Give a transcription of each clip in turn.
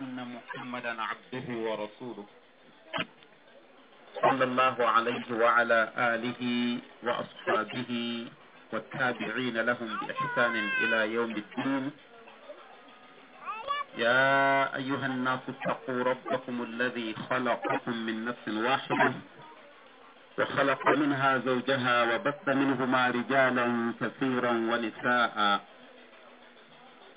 أن محمدا عبده ورسوله صلى الله عليه وعلى آله وأصحابه والتابعين لهم بإحسان إلى يوم الدين يا أيها الناس اتقوا ربكم الذي خلقكم من نفس واحدة وخلق منها زوجها وبث منهما رجالا كثيرا ونساء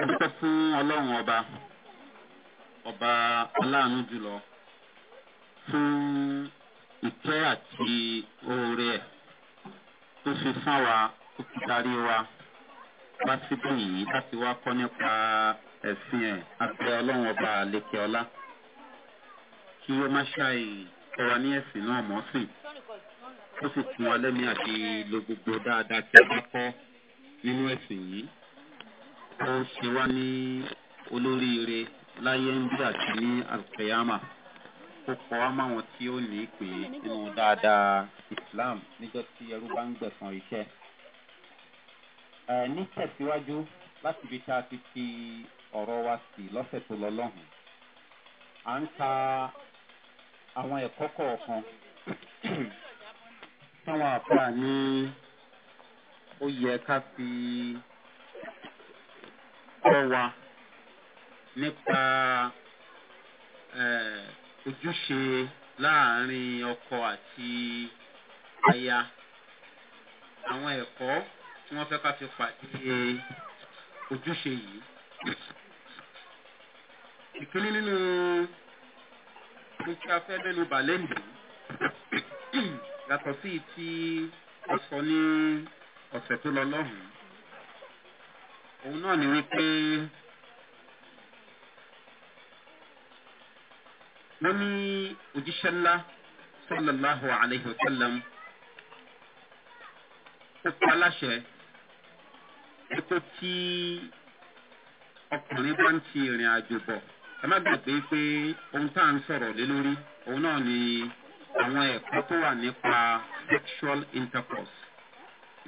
ẹgbẹ́ fún ọlọ́run ọba ọba aláàánú jùlọ fún ìpẹ́ àti oore ẹ̀ tó fi fún wa tó fi darí wa wá síbí yìí láti wá kọ́ nípa ẹ̀sìn ẹ̀ abẹ́ ọlọ́run ọba àlekè ọlá kí ó má ṣàì tọra ní ẹ̀sìn náà mọ́ sìn ó sì fún wa lẹ́mí àti lo gbogbo dáadáa tí a bá kọ́ nínú ẹ̀sìn yìí ó ṣe wá ní olóríire láyé ń bí àti ní alkeyama ó kọ́ wá máwọn tí ó ní pè é nínú dáadáa islam níjọ́ tí ẹrú bá ń gbẹ̀sán iṣẹ́. ẹ ní tẹ̀síwájú láti ibi tá a ti fi ọ̀rọ̀ wa sí lọ́sẹ̀ tó lọ lọ́hùn à ń ka àwọn ẹ̀kọ́ kọ̀ọ̀kan táwọn àfúrà ní ó yẹ ká fi kọ́ wa nípa ojúṣe láàrin ọkọ àti aya àwọn ẹ̀kọ́ tí wọ́n fẹ́ ká fi pàdé ojúṣe yìí. ìkíní nínú tí a fẹ́ mẹ́nu bà lẹ́nu yàtọ̀ sí ti ọ̀sán ní ọ̀sẹ̀ tó lọ lọ́hùn-ún òun náà ni wípé wọ́n ní òjíṣẹ́ ńlá sọ́lọ́láhùn àlejò sẹ́lẹ̀m ó pa láṣẹ ẹ̀kọ́ tí ọkùnrin bá ń ti ìrìn àjò bọ̀ ẹ má gbàgbé pé ohun tá à ń sọ̀rọ̀ lé lórí òun náà ni àwọn ẹ̀kọ́ tó wà nípa sexual intercourse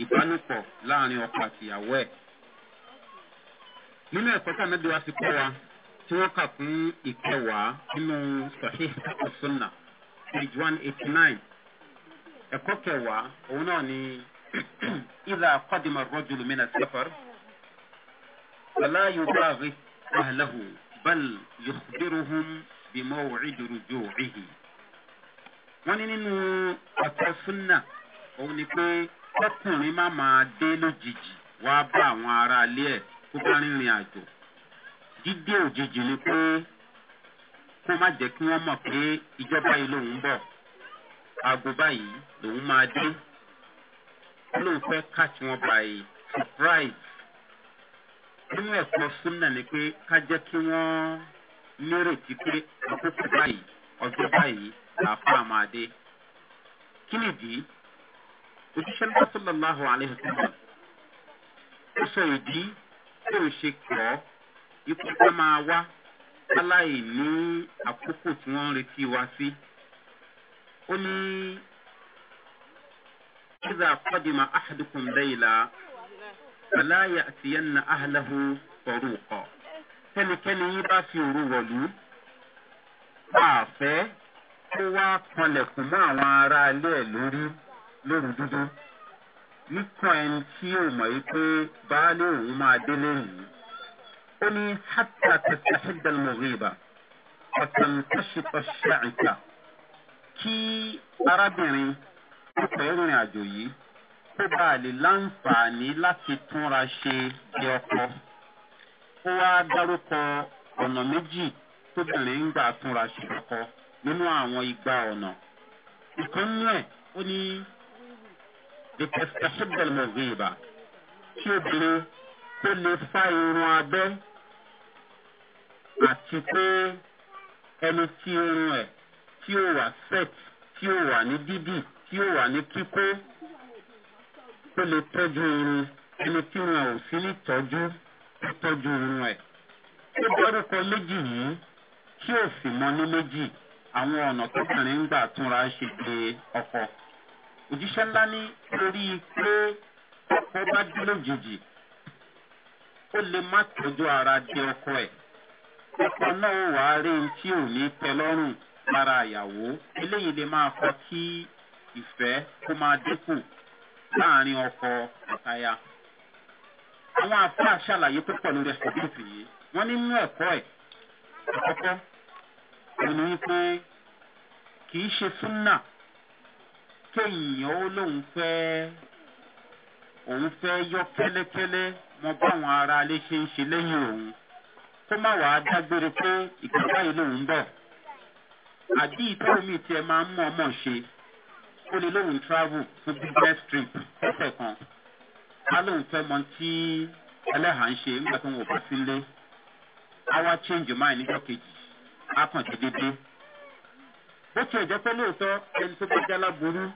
ìbánupọ̀ láàrin ọkọ àtìyàwó ẹ̀ nínú ẹ̀kọ́ tí àmì ìdíwá ti kọ́ wa tí wọ́n kà fún ìkẹwàá nínú sahih sunna page one eighty nine ẹ̀kọ́ kẹwàá òun náà ni ìlà kọ́dìmọ̀ rọ́jùlù mí na sẹ́fọ̀r wàlá yóò bá rí ahlahu bal yóò bímọ wàcidùrú jù wàcihi. wọ́n ní nínú ọ̀tọ̀ súnà òun ni pé ọkùnrin má máa dé lójijì wá bá àwọn aráalé ẹ̀ tó bá rìnrìn àjò dídé òjijì ni pé kó má jẹ́ kí wọ́n mọ̀ pé ìjọba yìí lòun ń bọ̀ aago báyìí lòun máa dé ó lóun fẹ́ catch wọn by surprise nínú ẹ̀kọ́ súnà ni pé ká jẹ́ kí wọ́n nírètí pé àkókò báyìí ọjọ́ báyìí làáfàá máa dé kí nìdí òjíṣẹ́ náà sọ̀rọ̀ láhùn àlẹ́ ìṣẹ́lẹ̀ ó sọ ìdí tí ò ṣe kọ̀ ọ́ ipò ká máa wá aláì ní àkókò tí wọ́n ń retí wa sí. ó ní kíza kọ́dìmọ̀ áhàdùkùn lẹ́yìnlá aláyà àti yẹnna áhàláhù sọ̀rọ̀ kọ̀. kẹ́nikẹ́ni yín bá fi òru wọ̀lú. àfẹ́ kó wá kanlẹ̀kùn mọ́ àwọn ará ẹ̀ lórí lóru dúdú níkan ẹni tí yóò mọ̀ yìí pé baálé òun máa délé yìí ó ní hátà tẹ̀síhídàl mọ̀gìbà ọ̀tàn kọ́ṣípọ̀ ṣáàǹkà kí arábìnrin tó fẹ́ rìnrìn àjò yìí kó bá a lè láǹfààní láti túnra ṣe di ọkọ ó wá dárúkọ ọ̀nà méjì tóbìnrin ń gbà túnra ṣe ọkọ nínú àwọn igba ọ̀nà ìkànnì ẹ̀ ó ní ìtẹ̀síkẹ́ bẹ̀rẹ̀ ìgbà tí obìnrin tó lè fa irun abẹ́ àti pé ẹni tí irun ẹ̀ tí ó wà set tí ó wà ní dídì tí ó wà ní kíkó tó lè tọ́jú irun ẹni tí irun ẹ̀ ò sí ní tọ́jú tó tọ́jú irun ẹ̀. ó dárúkọ méjì yìí tí ò sì mọ ní méjì àwọn ọ̀nà tó kàn ń gbà túnra ṣe pé ọkọ̀ òjíṣẹ́ ńlá ní torí pé ọkọ bá dé lójijì ó lè má tọ́jú ara di ọkọ ẹ̀ ọkọ náà wà á rí ohun tí ò ní tẹ lọ́rùn lára àyàwó eléyìí lè máa kọ kí ìfẹ́ kó máa dínkù láàrin ọkọ àtaya. àwọn àfáà ṣàlàyé tó pọ̀ lórí ẹ̀sìn bíìtì yìí wọ́n ní mú ẹ̀kọ́ ẹ̀ àkọ́kọ́ òun ni wípé kì í ṣe súnà kéèyàn ó lóun fẹ́ òun fẹ́ yọ kẹ́lẹ́kẹ́lẹ́ mọ báwọn ará alẹ́ ṣe ń ṣe lẹ́yìn òun kó má wàá dágbére pé ìgbàgbá yìí lòun bọ̀ àbí ìtọ́ omi tiẹ̀ máa ń mọ̀ ọmọ ṣe ó lè lóun travel fún business trip ọ̀sẹ̀ kan á lóun fẹ́ mọ tí ẹlẹ́hàá ń ṣe nígbà tó ń wò bá sílé á wá change your mind níjọ́ kejì á kàn dédédé bó tiẹ̀ jẹ́ pé lóòótọ́ ẹni tó bá jẹ́ aláboyún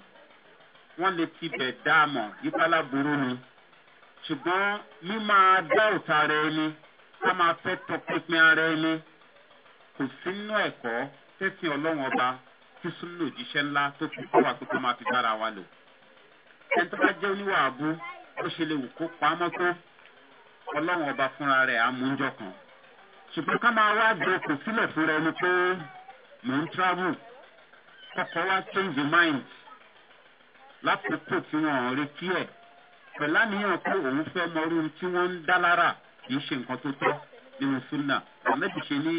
wọ́n lè ti bẹ̀ dáàmọ̀ yípalá burú ni ṣùgbọ́n mímọ dá òta ara ẹni ká máa fẹ́ tọpinpin ara ẹni kò sí nínú ẹ̀kọ́ tẹ́sìn ọlọ́run ọba tí súnmọ́ òjíṣẹ́ ńlá tó fi kọ́ wa pé kó máa fi dára wa lò ẹni tó bá jẹ́ oníwà abú ó ṣe lè wù kó pamọ́ tó ọlọ́run ọba fúnra rẹ̀ amúnjọ kan ṣùgbọ́n ká máa wá gbé kò sílẹ̀ fúnra ẹni pé mò ń travel kọ́kọ́ wá change your mind láti kò tí wọn ò retí ẹ̀ pẹ̀láníyàn pé òun fẹ́ mọrú tí wọ́n ń dá lára kì í ṣe nǹkan tó tọ́ nínú súnà ahmed ṣe ní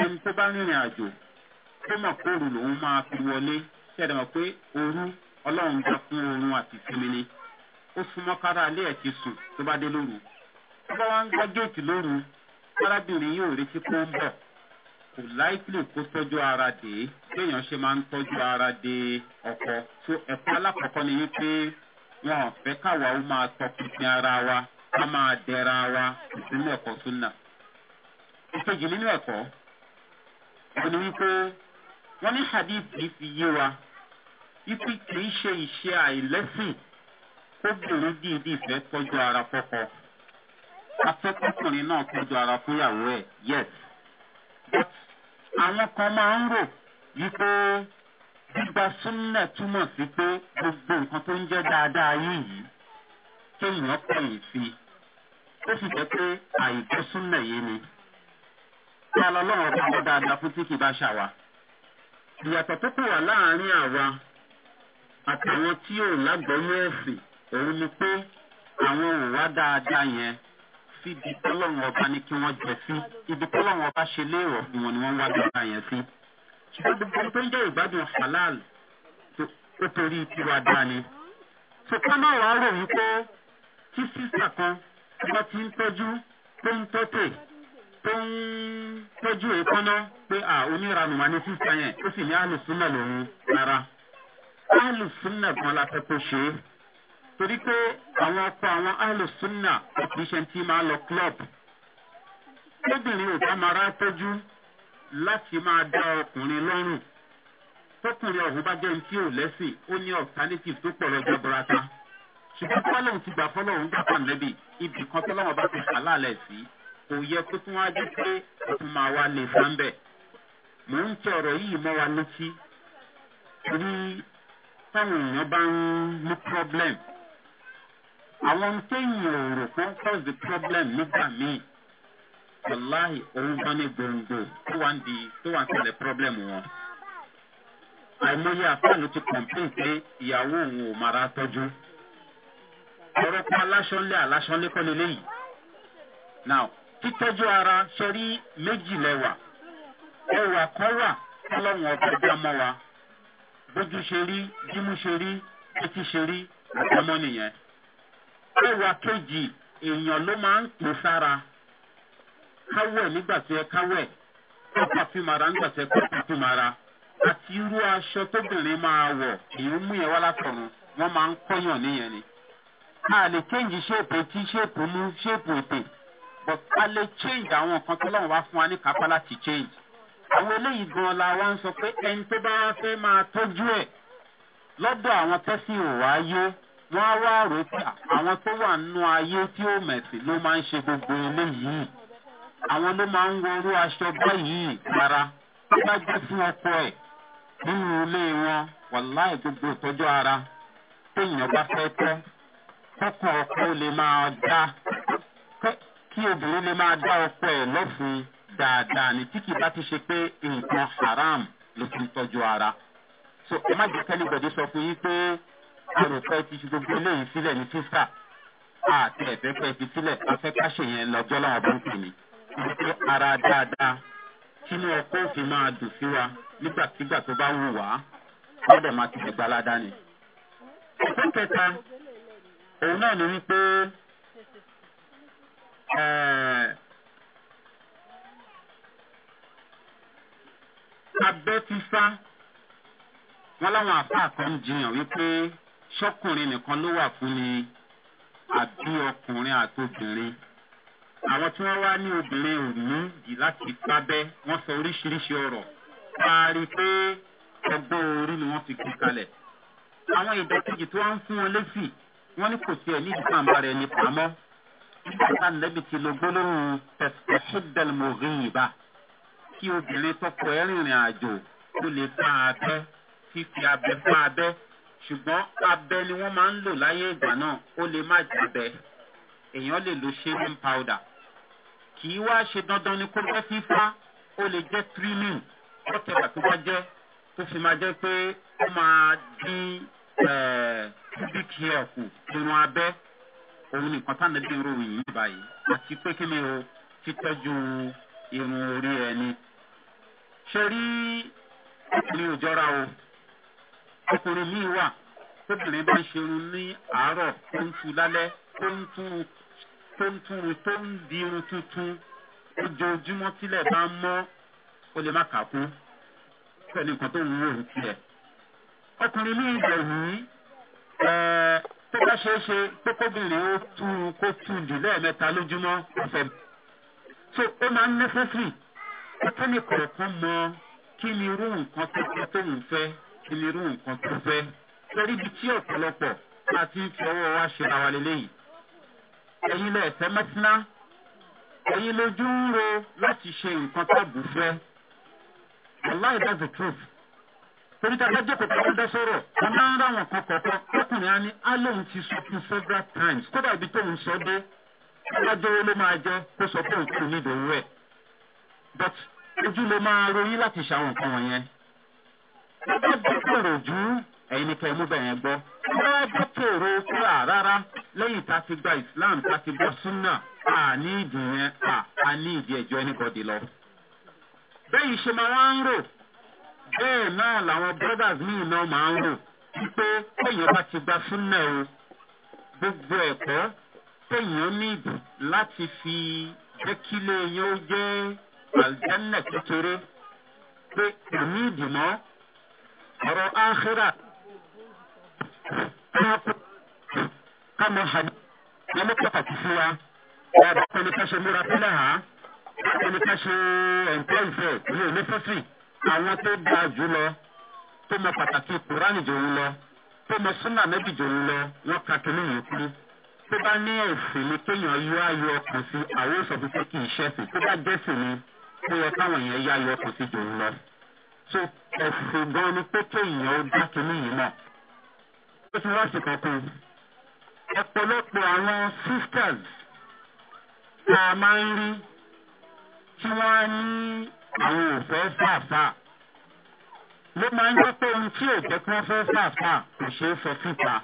ẹni tó bá rìnrìn àjò tó mọ̀ kóòrù lòun máa fi wọlé tí ẹ̀dá mọ̀ pé ooru ọlọ́run gba fún oorun àti ìsinmi ni ó súnmọ́ kára alẹ́ ẹ̀ ti sùn tó bá dé lóru tó bá wá ń gbá géètì lóru arábìnrin yóò retí pé ó ń bọ̀ kò láìpẹ́ kó tọ́jú ara dé béèyàn ṣe máa ń tọ́jú ara dé ọkọ tó ẹ̀kọ́ alákọ̀ọ́kọ́ ni wípé wọn ò fẹ́ káwa ó máa tọpinpin ara wa ká máa dẹra wa ìpínlẹ̀ ẹ̀kọ́ súnà. ìkejì nínú ẹ̀kọ́ wọn ni wípé wọn ní hadith yìí fi yé wa wípé kì í ṣe ìṣe àìlẹ́sìn kóbìnrin dìídì fẹ́ tọ́jú ara fọ́kọ afẹ́kọ́kùnrin náà tọ́jú ara fúnyàwó ẹ̀ yes. But àwọn kan máa ń rò wípé gbígba súnlẹ̀ túmọ̀ sí pé gbogbo nǹkan tó ń jẹ́ dáadáa yín yìí kéèyàn kọ̀yìn sí i ó sì jẹ́ pé àìgbọ́ súnlẹ̀ yìí ni kí alọ́lọ́run bá wọ́n dáadáa fún tí kì í bá ṣàwà. ìyàtọ̀ tó kàn wá láàárín àwa àtàwọn tí ò lágbọ́nú ẹ̀sìn òun ni pé àwọn ò wá dáadáa yẹn síbi tọ́lọ́run ọba ní kí wọ́n jẹ sí ibi tọ́lọ́run ọba ṣe léèrò fún wọn ni wọ́n wá dáadáa yẹn sí. ṣùgbọ́n gbogbo ohun tó ń jẹ́ ìgbádùn halal ó torí tiwa dáa ni. sọ̀kan náà wàá rò wípé kí sísà kan wọ́n ti ń tọ́jú tó ń tọ́tẹ̀ tó ń tọ́jú èékánná pé à oníranù wa ní sísà yẹn ó sì ní àlùsùnà lòun rárá. àlùsùnà gan la fẹ́ kó ṣe é torí pé àwọn ọkọ àwọn àìlùsùnà kì í ṣe ti máa lọ club lóbìnrin ò bá máa rá tọ́jú láti máa dá ọkùnrin lọ́rùn tọkùnrin ọ̀hún bá jẹ́ tí ò lẹ́sìn ó ní alternative tó pọ̀ lọ́jọ́ burata ṣùgbọ́n tọ́lọ́hún ti gbà fọ́lọ́hún gbà pọ̀ lẹ́bi ibì kan tọ́lọ́hún bá ti kà láàlẹ̀ sí kò yẹ kó tún wáá jẹ́ pé o tún máa wá lè fún bẹ́ẹ̀ mò ń tẹ ọ̀rọ̀ yìí mọ́ wa létí torí táwọn èèyàn bá ń ní problem àwọn téèyàn ò rò pé ó cause the problem nígbà míì wàláhì òun bá ní gbòǹgbò tó wà ń di tó wà ń tẹ̀lé problem wọn. àìmọye àfáàlù ti complain pé ìyàwó òun ò mara tọ́jú. ọ̀rọ̀ kan aláṣọ́lé aláṣọ́lé kọ́ lélẹ́yìí. now títọ́jú ara sọrí méjì lẹ́wà ẹwà kan wà kọ́lọ́hún ọba ẹja mọ́ wa bójú ṣe rí jímú ṣe rí etí ṣe rí àtọmọ́ nìyẹn ẹwà kejì èèyàn ló máa ń pè sára káwẹ̀ nígbà tí ẹ káwẹ̀ kó pàfimara nígbà tí ẹ kó pàfimara àti irú aṣọ tóbìnrin máa wọ̀ èyí mú yẹn wá látọ̀run wọ́n máa ń kọ́yàn níyẹn ni. a lè change ṣéèpù etí ṣéèpù mú ṣéèpù ètè but a lè change àwọn nǹkan tó lọ́wọ́ wá fún wa ní kápá láti change. àwọn eléyìí gan la wá ń sọ pé ẹni tó bá wá fẹ́ máa tọ́jú ẹ̀ lọ́dọ̀ àwọn tẹ́sí ò wá wọ́n wá rò pé àwọn tó wà nínú ayé tí ó mẹ̀sìn ló máa ń ṣe gbogbo eléyìí àwọn ló máa ń wọrú aṣọ báyìí rárá tó bá jẹ́ fún ọkọ ẹ̀ nínú ilé wọn wàláì gbogbo ìtọ́jú ara téèyàn bá fẹ́ tọ́ kọ́kọ́ ọkọ lè máa dá kí obìnrin lè máa dá ọkọ ẹ̀ lọ́fun dáadáa ní tí kì bá ti ṣe pé nǹkan haram ló fi ń tọ́jú ara so ẹ má jẹ́ kẹ́lí gbọ̀dé sọ fún yín pé ẹrù pẹ́ ti ṣe gbogbo eléyìí sílẹ̀ ní fífà àti ẹ̀fẹ́ pẹ́ fi sílẹ̀ afẹ́ káṣe yẹn lọ́jọ́ làwọn bá ń pè mí. wípé ara dáadáa kínú ọkọ̀ òfin máa dùn sí wa nígbàkigbà tó bá wù wá gbọ́dọ̀ máa ti gbẹ̀gbà ládàá ni. ọ̀pọ̀ kẹta òun náà ni wípé abẹ́ fífá wọn láwọn àbá kan wípé sọkùnrin nìkan ló wà fún ni àbí ọkùnrin àtobìnrin àwọn tí wọn wá ní obìnrin ò ní di láti pábẹ wọn sọ oríṣiríṣi ọrọ parí pé ọgbọn orí ni wọn fi gbé kalẹ àwọn ìdàkejì tí wọn ń fún wọn lẹsì wọn ní kò sí ẹ ní ìdíkàmbá rẹ ní pamọ nígbà tá nẹbi ti lo gbólóhùn pẹsipẹsibẹl mọgìyìnbá kí obìnrin tọkọ ẹ àjò kó lè fa abẹ fífi abẹ fa abẹ ṣùgbọ́n abẹ ni wọ́n máa ń lò láyé ìgbà náà ó lè má jábẹ èèyàn lè lo shaving powder kì í wá ṣe dandan ni kó jẹ́ fífa ó lè jẹ́ trimming whatever tó bá jẹ́ tó fi máa jẹ́ pé ó máa dín pubic hair kù irun abẹ́ òun nìkan táwọn ẹbí ń ròyìn yìí báyìí àti pé kí ni o títọ́jú irun orí ẹni ṣe rí ọkùnrin òjọ́ra o ọkùnrin míì wà tóbìnrin bá ń ṣerun ní àárọ̀ tó ń tu lálẹ́ tó ń túru tó ń túru tó ń di irun tuntun ojoojúmọ́ tílẹ̀ bá ń mọ́ ó lè má kà kún pẹ̀lú nǹkan tó ń wò ó tiẹ̀. ọkùnrin míì bẹ̀ yìí tó bá ṣeé ṣe pé kóbìnrin ó tú kó tú jù lẹ́ẹ̀mẹ́ta lójúmọ́ ọ̀fẹ́. so ó máa ń nẹ́sẹ̀sì ó tẹ́lẹ̀ kọ̀ọ̀kan mọ kí ni irú nǹkan tó ń fẹ́ ti nǹkan tó fẹ́ torí bí tí ọ̀pọ̀lọpọ̀ a fi ọwọ́ wa ṣe ra wa lélẹ́yìí. ẹ̀yin lẹ̀ fẹ́ mẹ́tíná ẹ̀yin lójú ń ro láti ṣe nǹkan tó bù fẹ́. aláì that's the truth. torí tá a bá jókòó tó ń dá sọ̀rọ̀ a máa ń ráwọn kan kọ̀ọ̀kan lọ́kùnrin á ní á ti sọ fún several times kódà ibi tóun sọ dé ọlọ́jọ́ wo ló máa jẹ́ kó sọ fún òkú nídòó rẹ̀. but ojú ló máa ro yín láti ṣàwọn nǹkan wọ̀nyẹn bá dókòrò jù ẹ̀yin ni kẹ́ ẹ mú bẹ̀rẹ̀ gbọ́ bá dókòrò kúrà rárá lẹ́yìn tá a ti gba islam tá a ti gbọ́ súnà a ní ìdí yẹn a a ní ìdí ẹ̀jọ́ anybody lọ. bẹ́ẹ̀ ìṣe máa wá ń rò bẹ́ẹ̀ náà làwọn brothers míì náà máa ń rò wípé téèyàn bá ti gba súnà o gbogbo ẹ̀kọ́ téèyàn ní ìdí láti fi jẹ́ kílé yẹn ó jẹ́ àlùjẹ́nà kékeré pé kò ní ìdì mọ́ ọ̀rọ̀ áhírà kámọ̀ hàbí lọ́mọ pàtàkì sí wa ọ̀rọ̀ ẹni ká ṣe múra sílẹ̀ hàn án ẹni ká ṣe ẹ̀ǹpọ́ì fẹ̀ ní onífẹ́sì àwọn tó dáa jù lọ tó mọ pàtàkì kùránì jòun lọ tó mọ súnà nẹ́bì jòun lọ wọ́n ka kínní yìí kú tó bá ní ẹ̀sìn ni kéèyàn yọ ayọ̀ ọkàn sí àwọn òṣèlú pé kì í ṣẹ́sìn tó bá jẹ́sìn ni ó yẹ káwọn yẹn yá ayọ̀ ọkàn sí jòun lọ so ẹ̀sìn gan ni pé kéèyàn ó dá kinní yìí náà ó ti wáṣí kankan ọ̀pọ̀lọpọ̀ àwọn sisters tá a máa ń rí tí wọ́n ní àwọn òfẹ́ fàáfà ló máa ń jẹ́ pé ohun tí ò jẹ́ kí wọ́n fẹ́ fàáfà kò ṣeé sọ síta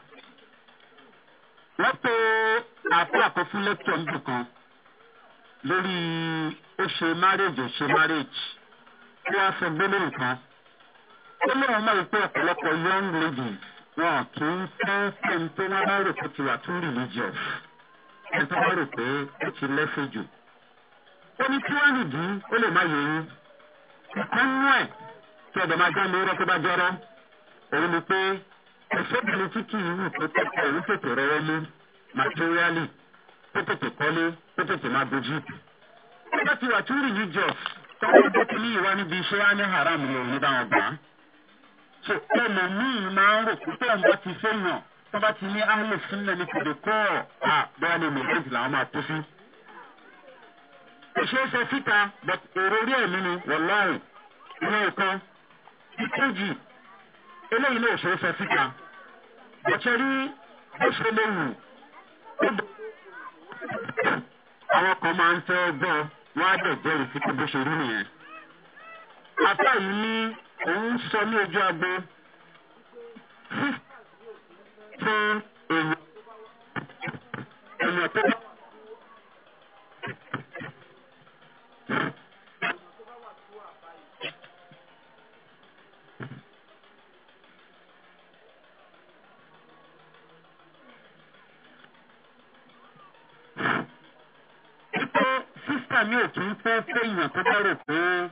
wọ́n pe àpò àkọsílẹ̀ tó ń lórí ó ṣe marriage ó ṣe marriage ni wọ́n sọ gbélé nǹkan. ó lóun mọ̀ wípé ọ̀pọ̀lọpọ̀ young lady wọn kì í fẹ́ ẹni tó wọ́n bá rò pé ti wà tún religious ẹni tó wọ́n rò pé ó ti lẹ́sẹ̀ jù. ó ní tí wọ́n rì dí ó lè má yẹ̀yìn. ìkan nú ẹ̀ tí ọ̀dọ̀ máa já mi rọ́ tó bá jọrọ́ òun ni pé ẹ̀sọ́bìnrin tí kì í wù tó tẹ̀kọ̀ òun tètè rẹ́wọ́ mú materially tó tètè kọ́lé tó tètè má dojú. ó bá ti wà tún religious ẹgbẹ́ kìíní ìwọ níbi iṣẹ́ wa ní haram ni òun bá wọn gbà á. so ẹlòmíì máa ń rò pé tó ń bá ti fẹ́yàn tó bá ti ní áhùn sílẹ̀ ní kòdè kó ọ̀ à bẹ́ẹ̀ ni mẹ̀rẹ́ǹtì làwọn máa tó sí. kò ṣeé ṣe síta but èrò orí ẹ̀mí ni wọ̀láì ìwé nǹkan ìkejì eléyìí náà ṣeé ṣe síta. bọ̀ṣẹ́ rí bó ṣe léwu àwọn kan máa ń fẹ́ gbọ́ wọn á dẹ̀ jẹ́rìí sí pé bó ṣe rí nìyẹn. apá yìí ní òun sọ ní ojú agbo fún èèyàn èèyàn tó dókítà mi ò tún fẹ́ fẹ́yìn tó bá rò pé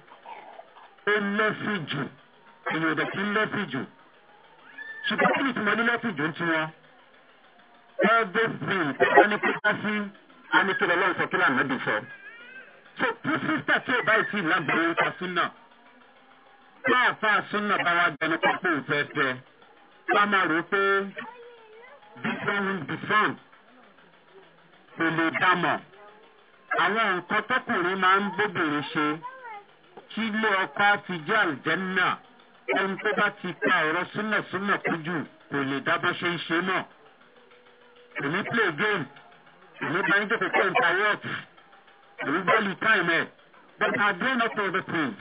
ó lẹ́sìn jù èèyàn dẹ̀ kí ń lẹ́sìn jù ṣùgbọ́n kí ni tí mo ní lẹ́sìn jù ń ti wọn. everything tó bá ní kó dá sí anikele lọ́wọ́ sọ kí lànà bí sọ. so tí sísítà tí ò báyìí tí ì lágbàá ń pa súnà máa fa súnà bá wa gbẹnu pápá òfẹ́ fẹ́ bá máa rò pé bí wọ́n bí fún kò lè dá mọ̀ àwọn nǹkan tọkùnrin máa ń bóbìnrin ṣe tí ilé ọkọ fi jẹ́ àlùjẹ́nà ẹni tó bá ti ka ọ̀rọ̀ súnmọ̀súnmọ̀ kújù kò lè dá bó ṣe ń ṣe náà. èmi play game èmi bá ń jókòó pé nǹkan work èmi bọ́ọ̀lù time ẹ̀ but i do not know the things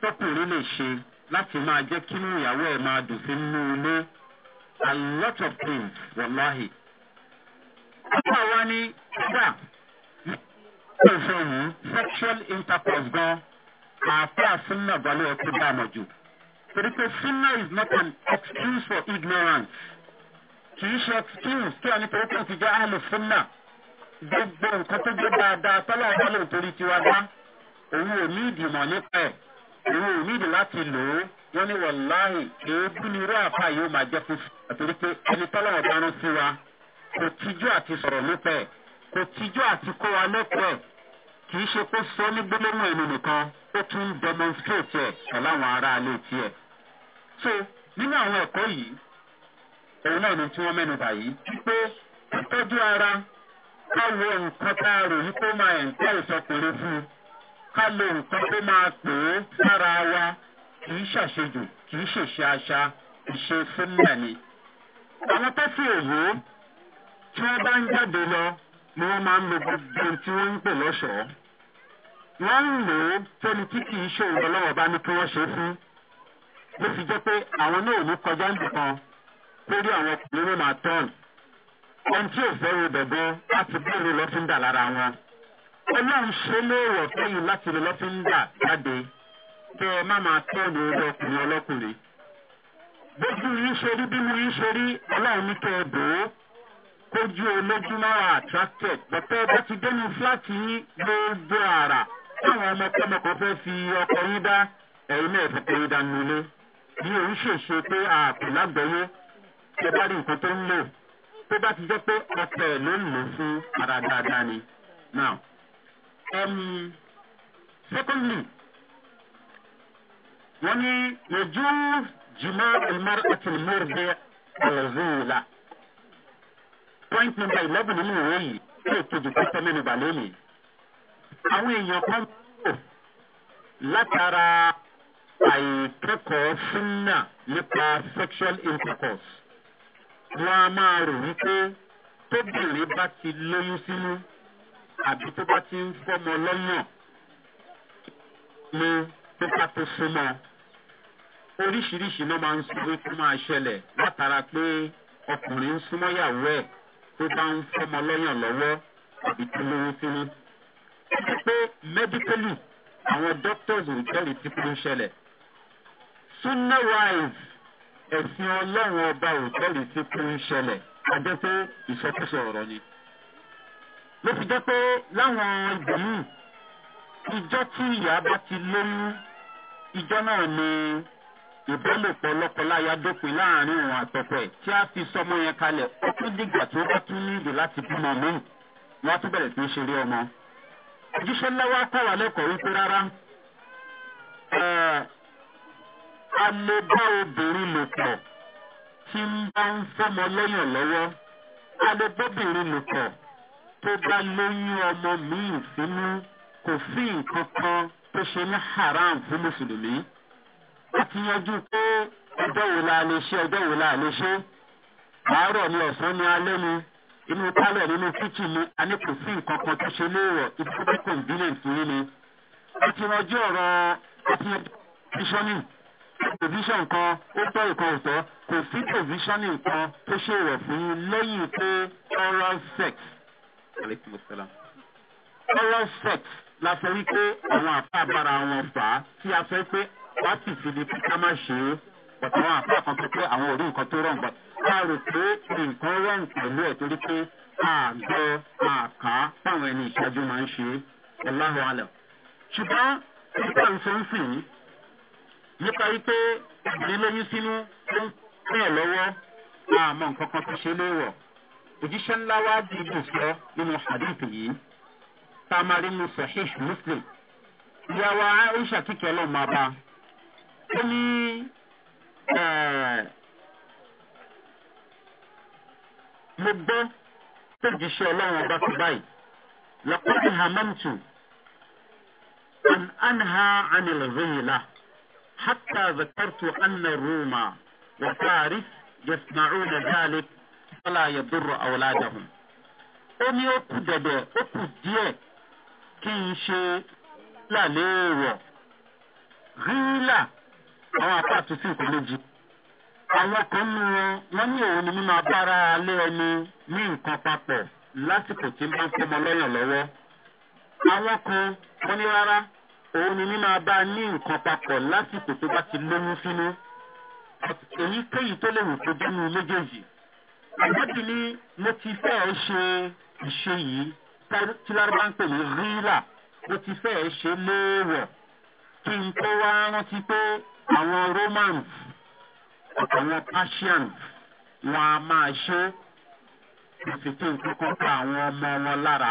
tọkùnrin lè ṣe láti máa jẹ́ kínú ìyàwó ẹ̀ máa dùn sí nínú ilé a lot of things wọ̀láhì. ọkọ̀ wa ni ọgbà sexual intercourse gan àáfàá súnà gbọ́lé ẹkú dáàmọ̀ jù torí pé súnà is not an excuse for ignorance kì í ṣe excuse kí ẹni torí pé ó ti jẹ́ àlè súnà gbogbo nǹkan tó gbé dáadáa tọ́lá ọ̀gá lè tiwa dá òun ò ní ìdìmọ̀ nípa ẹ̀ òun ò ní ìdí láti lò ó wọ́n ní wàláhì èébú ni irú àfa yìí ó máa jẹ́ fún àtòrí pé ẹni tọ́lá ọ̀gá rán sí wa kò tíjú àti sọ̀rọ̀ nípa ẹ̀ kò tíjọ́ àti kó wa lẹ́kọ̀ọ́ ẹ̀ kì í ṣe kó sọ ní gbólóhùn ẹnu nìkan ó tún ń demonstrate ẹ̀ pẹ̀lú àwọn ará ilé tiẹ̀. so nínú àwọn ẹ̀kọ́ yìí òun náà ni tí wọ́n mẹ́nu bà yìí wípé ìtọ́jú ara ká wo nǹkan tá a rò yí kó máa ẹ̀ǹtẹ́ ìsọkùnrin fún un ká lo nǹkan tó máa pè é sára wa kì í ṣàṣejù kì í ṣèṣe àṣà ìṣe fúnmẹ̀ àwọn tó fi òwò tí wọ́n bá ń jáde lọ ni wọ́n máa ń lo gbogbo tí wọ́n ń pè lọ́ṣọ̀ọ́ wọ́n ń lò ó fẹ́ni tí kì í ṣe òun lọ́wọ́ bá ní kí wọ́n ṣe fún ló fi jẹ́ pé àwọn náà ò ní kọjá nìkan lórí àwọn ọkùnrin ló máa tọ́ọ̀nù ohun tí ò fẹ́ ro bẹ̀bẹ̀ láti bẹ̀rẹ̀ lọ́fíńdà lára wọn ọlọ́run ṣe léèrò fẹ́yìn láti rí lọ́fíńdà jáde kí ẹ má máa tọ́ọ̀nù orí ọkùnrin ọlọ́kùnrin gbogbo yìí ṣe rí bí mo yìí ṣe rí ọlọ́run ní kẹ́ kójú olójúmọ́ attracted bọ́tẹ́ bó ti dénú fúláàtì yín gbogbo àrà táwọn ọmọkọ́mọkọ fẹ́ fi ọkọ̀ yín dá ẹ̀yin náà fi kọ́ yín dá nulẹ̀ ní òun ṣèṣe pé ààbò lágbẹ̀yẹ tẹ bá rí nǹkan tó ń lò tó bá ti jẹ́ pé ọ̀pẹ̀ ló ń lò fún ara dáadáa ni. now um, secondly wọ́n ní yẹjú jùmọ̀ ìmọ̀ràn àti ìmọ̀ràn bẹ́ẹ̀ ọ̀rọ̀ zéèlà point number eleven nínú ìwé yìí yóò kejì tó tẹ́ mẹ́nu bà lónìí. àwọn èèyàn kan kò látara àìkẹ́kọ̀ọ́ súnà nípa sexual intercourse. wọ́n á máa rò wípé tóbìnrin bá ti lóyún sínú àbí tó bá ti ń fọmọ lọ́yàn ni tó bá tó súnmọ́ oríṣiríṣi náà máa ń sọ pé kó máa ṣẹlẹ̀ látara pé ọkùnrin ń súnmọ́ yàwó ẹ̀ tó bá ń fọmọ lọ́yàn lọ́wọ́ àbí tó lówó sínú. ó ti pé medically àwọn doctors ò tẹ́lẹ̀ tí kò ń ṣẹlẹ̀. sunna wise ẹ̀sìn ọlọ́run ọba ò tẹ́lẹ̀ tí kò ń ṣẹlẹ̀ àjọ pé ìṣọkúṣọ ọ̀rọ̀ ni. ló fi jẹ́ pé láwọn ibòmíì ìjọ tí ìyá bá ti lóyún ìjọ náà ni ìbálòpọ̀ lọ́kọláya dópin láàrin òun àtọ̀pẹ̀ tí a fi sọmọ yẹn kalẹ̀ ó tún dìgbà tó bá tún nílò láti bímọ míì wọ́n tún bẹ̀rẹ̀ sí í ṣeré ọmọ. ojúṣe ńláwá kọ́ wa lẹ́kọ̀ọ́ wípé rárá a lè bá obìnrin lò pọ̀ tí ń bá ń fọmọ lẹ́yìn lọ́wọ́ a lè bóbìnrin lò pọ̀ tó bá lóyún ọmọ míì sínú kò sí nǹkan kan tó ṣe ní haram fún mùsùlùmí àti yanjú pé ọjọ́ wo la lè ṣe ọjọ́ wo la lè ṣe àárọ̀ ni ọ̀sán ni alẹ́ ni inú pálọ̀ nínú kíchìn ni a ní kò sí nǹkan kan tó ṣe léèwọ̀ ibi tó bá convenient yín ni ó ti rọjò ọ̀rọ̀ àti provisioning provision kan ó tọ́ ìkan ọ̀tọ̀ kò sí provisioning kan tó ṣe wọ̀ fún yín lẹ́yìn pé oral sex oral sex la sọ wípé àwọn àfa bára wọn fà á tí a fẹ́ pé láti ìfìdí pé ká má ṣe é bàtà àwọn àpá kan tó pé àwọn òrí nǹkan tó rọrùn bàtà ká rò pé nǹkan rọrùn pẹ̀lú ẹ̀ torí pé a gbọ́ a kà á báwọn ẹni ìṣáájú máa ń ṣe é ọláhùn alẹ̀. ṣùgbọ́n nípa ìsọ́nsìn yìí nípa wípé obìnrin lóyún sínú tó ń pín ẹ̀ lọ́wọ́ àmọ́ nǹkan kan tó ṣe léèwọ̀ òjíṣẹ́ ńlá wá di ìbùsọ nínú hadith yìí tá a máa rí mu sahih muslim ìyàwó aisha kíkẹ́ ọlọ́run máa bá a. اللي آه مدة ترجي شاء الله وباك باي لقد هممت أن أنهى عن الغيلة حتى ذكرت أن الروم وفارس يسمعون ذلك فلا يضر أولادهم أني أكدد كي كيشي لا ليو غيلة àwọn àpáàtì sí ìkọlẹ́jì. àwọn kan nu wọn ní òun ni mímọ abára alẹ́ ẹni ní nǹkan papọ̀ lásìkò tí bá ń fọmọ lọ́yàn lọ́wọ́. àwọn kan wọn ní rárá òun ni mímọ abá ní nǹkan papọ̀ lásìkò tó bá ti lóyún sínú. èyíkéyìí tó lè wù kó dánú méjèèjì. àgbàdì ni mo ti fẹ́ ẹ ṣe ìṣe yìí tí lárúbá ń pè ní rírà mo ti fẹ́ ẹ ṣe léèwọ̀ kí n tó wá rántí pé àwọn romans àtàwọn persians wọn a máa ṣe ìsìnkú nǹkan pa àwọn ọmọ wọn lára